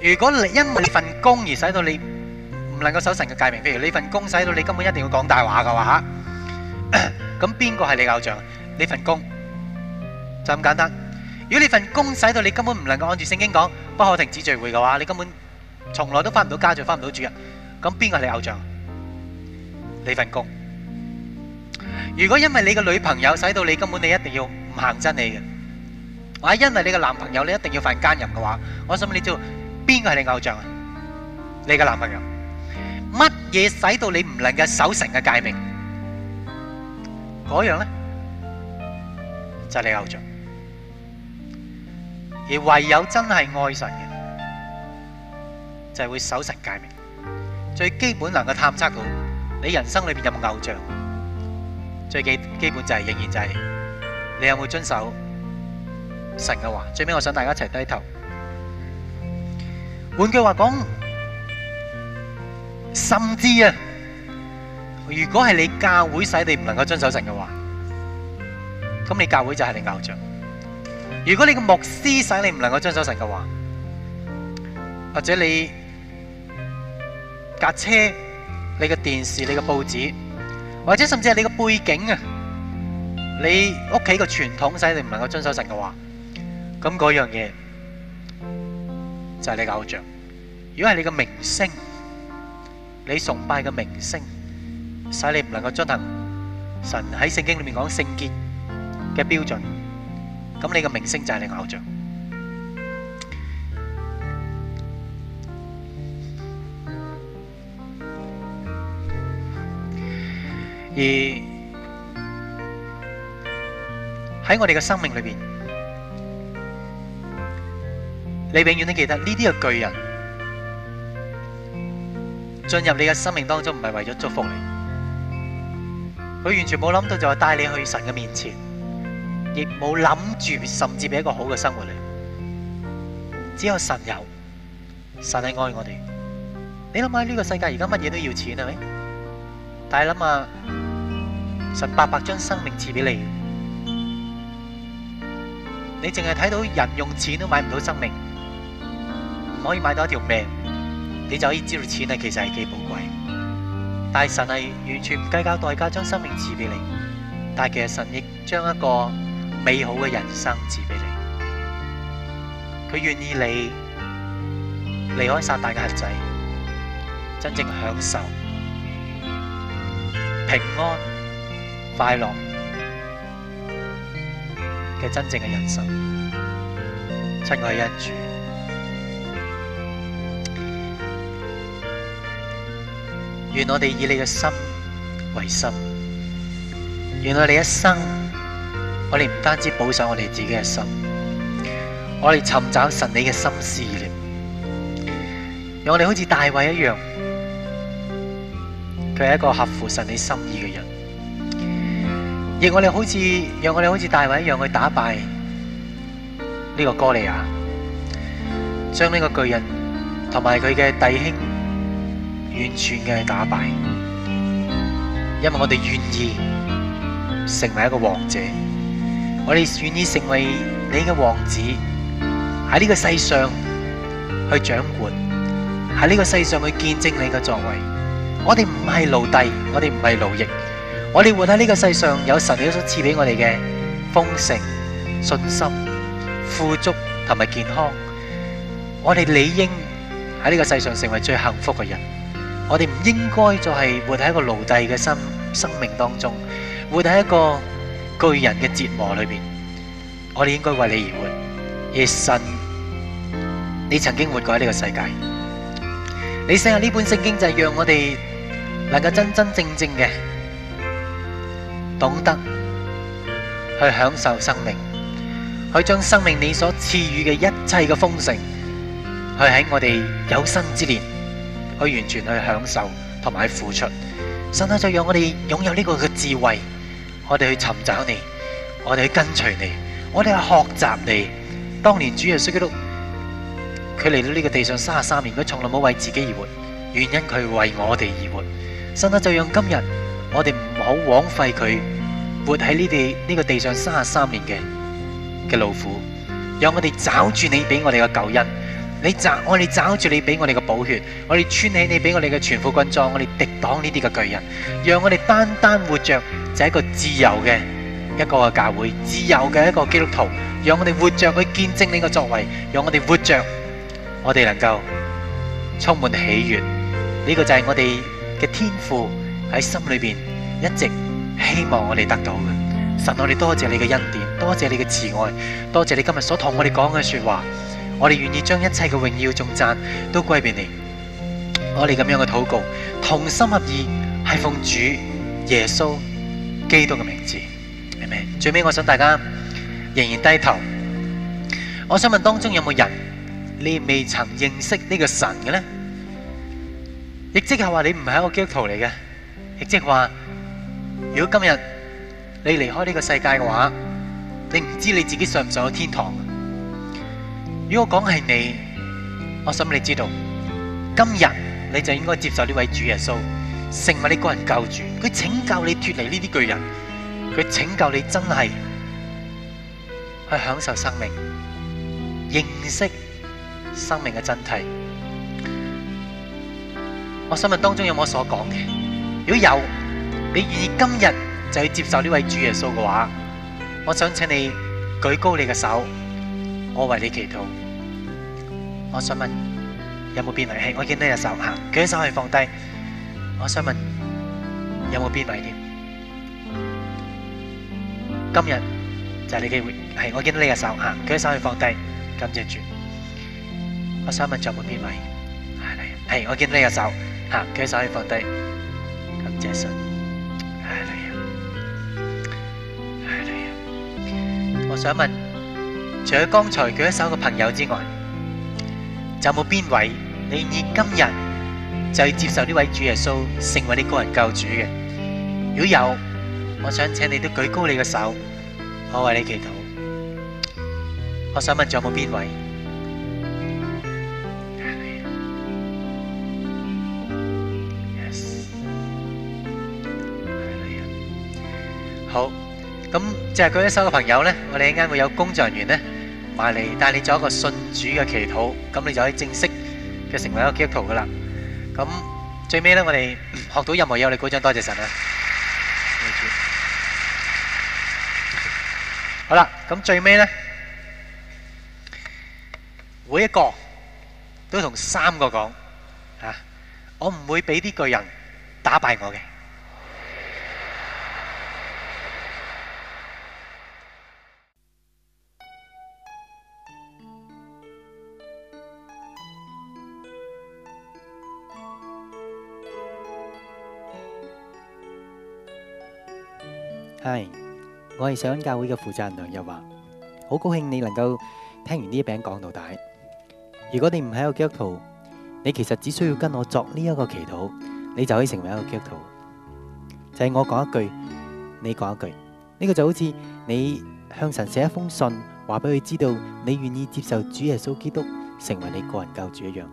如果你因為你份工而使到你唔能夠守神嘅誡命，譬如你份工使到你根本一定要講大話嘅話，咁邊個係你偶像？你份工就咁簡單。如果你份工使到你根本唔能夠按住聖經講不可停止聚會嘅話，你根本從來都翻唔到家，仲翻唔到主人！咁邊個係你偶像？你份工。如果因為你嘅女朋友使到你根本你一定要唔行真理嘅，或者因為你嘅男朋友你一定要犯奸淫嘅話，我想問你就。邊個係你偶像啊？你嘅男朋友，乜嘢使到你唔能夠守神嘅誡命？嗰樣咧就係你偶像。而唯有真係愛神嘅，就係會守神誡命。最基本能夠探測到你人生裏邊有冇偶像，最基基本就係仍然就係你有冇遵守神嘅話。最尾我想大家一齊低頭。換句話講，甚至啊，如果係你教會使你唔能夠遵守神嘅話，咁你教會就係你偶像；如果你個牧師使你唔能夠遵守神嘅話，或者你架車、你個電視、你個報紙，或者甚至係你個背景啊，你屋企個傳統使你唔能夠遵守神嘅話，咁嗰樣嘢，就係你嘅偶像。如果係你嘅明星，你崇拜嘅明星，使你唔能夠遵行神喺聖經裏面講聖潔嘅標準，咁你嘅明星就係你嘅偶像。而喺我哋嘅生命裏面。你永遠都記得呢啲嘅巨人進入你嘅生命當中，唔係為咗祝福你。佢完全冇諗到就係帶你去神嘅面前，亦冇諗住甚至畀一個好嘅生活你。只有神有，神係愛我哋。你諗下呢個世界而家乜嘢都要錢係咪？但係諗下神白白將生命賜畀你，你淨係睇到人用錢都買唔到生命。唔可以買到一條命，你就可以知道錢啊，其實係幾寶貴。但係神係完全唔計較代價，將生命賜俾你。但係其實神亦將一個美好嘅人生賜俾你。佢願意你離開曬大嘅限制，真正享受平安、快樂嘅真正嘅人生。親愛嘅主。願我哋以你嘅心為心，願我哋一生，我哋唔單止補上我哋自己嘅心，我哋尋找神你嘅心思意念，讓我哋好似大衛一樣，佢係一個合乎神你心意嘅人，亦我哋好似，讓我哋好似大衛一樣去打敗呢個哥利亞，將呢個巨人同埋佢嘅弟兄。完全嘅係打敗，因為我哋願意成為一個王者，我哋願意成為你嘅王子，喺呢個世上去掌管，喺呢個世上去見證你嘅作為。我哋唔係奴隸，我哋唔係奴役，我哋活喺呢個世上有神你所賜俾我哋嘅豐盛、信心、富足同埋健康，我哋理應喺呢個世上成為最幸福嘅人。我哋唔應該再係活喺一個奴隸嘅生命當中，活喺一個巨人嘅折磨裏面。我哋應該為你而活。而神，你曾經活過喺呢個世界，你寫下呢本聖經就係讓我哋能夠真真正正嘅懂得去享受生命，去將生命你所賜予嘅一切嘅豐盛，去喺我哋有生之年。去完全去享受同埋付出，神啊！就讓我哋擁有呢個嘅智慧，我哋去尋找你，我哋去跟隨你，我哋去學習你。當年主耶穌基督，佢嚟到呢個地上三十三年，佢從來冇為自己而活，原因佢為我哋而活。神啊！就讓今日我哋唔好枉費佢活喺呢地呢個地上三十三年嘅嘅勞苦，讓我哋找住你俾我哋嘅救恩。你找我哋抓住你俾我哋嘅寶血，我哋穿起你俾我哋嘅全副軍裝，我哋抵擋呢啲嘅巨人。讓我哋單單活着就係、是、一個自由嘅一個教會，自由嘅一個基督徒。讓我哋活着去見證你嘅作為，讓我哋活着，我哋能夠充滿喜悦。呢、這個就係我哋嘅天父喺心裏邊一直希望我哋得到嘅。神，我哋多謝你嘅恩典，多謝你嘅慈愛，多謝你今日所同我哋講嘅說話。我哋願意將一切嘅榮耀、頌讚都歸俾你。我哋咁樣嘅禱告，同心合意，係奉主耶穌基督嘅名字，係咪？最尾我想大家仍然低頭。我想問當中有冇人你未曾認識呢個神嘅咧？亦即係話你唔係一個基督徒嚟嘅，亦即係話如果今日你離開呢個世界嘅話，你唔知道你自己上唔上天堂？如果講係你，我想你知道，今日你就應該接受呢位主耶穌，成為你個人救主。佢拯救你脫離呢啲巨人，佢拯救你真係去享受生命，認識生命嘅真諦。我想問當中有冇我所講嘅？如果有，你願意今日就去接受呢位主耶穌嘅話，我想請你舉高你嘅手，我為你祈禱。我想問有冇變位？係，我見到呢隻手行，舉手可以放低。我想問有冇變位添？今日就係你機會。係，我見到呢隻手行，舉手可以放低。感謝主。我想問仲有冇變位？係，我見到呢隻手行，舉手可以放低。感謝神。係你啊！係你啊！我想問，除咗剛才舉手嘅朋友之外。有冇邊位你願意今日就去接受呢位主耶穌成為你個人救主嘅？如果有，我想請你都舉高你嘅手，我為你祈禱。我想問，仲有冇邊位？好，咁即係舉高手嘅朋友咧，我哋依家會有工作人員咧。買嚟，但係你做一個信主嘅祈禱，咁你就可以正式嘅成為一個基督徒噶啦。咁最尾呢，我哋學到任何嘢，我哋鼓掌多謝神啊！好啦，咁最尾呢，每一個都同三個講啊，我唔會俾呢個巨人打敗我嘅。係，我係上緊教會嘅負責人梁日華，好高興你能夠聽完呢一篇講到大。如果你唔係一個基督徒，你其實只需要跟我作呢一個祈禱，你就可以成為一個基督徒。就係我講一句，你講一句，呢個就好似你向神寫一封信，話俾佢知道你願意接受主耶穌基督成為你個人救主一樣。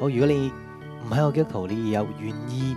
好，如果你唔係一個基督徒，你又有願意，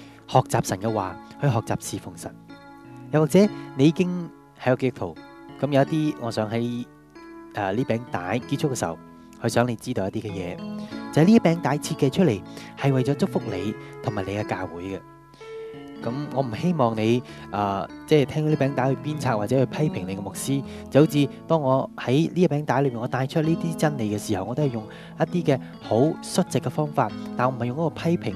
學習神嘅話，去學習侍奉神，又或者你已經喺個基督徒，咁有一啲，我想喺誒呢餅帶結束嘅時候，去想你知道一啲嘅嘢，就係呢餅帶設計出嚟係為咗祝福你同埋你嘅教會嘅。咁我唔希望你誒，即係聽到呢餅帶去鞭策或者去批評你嘅牧師，就好似當我喺呢餅帶裏面，我帶出呢啲真理嘅時候，我都係用一啲嘅好率直嘅方法，但係我唔係用嗰個批評，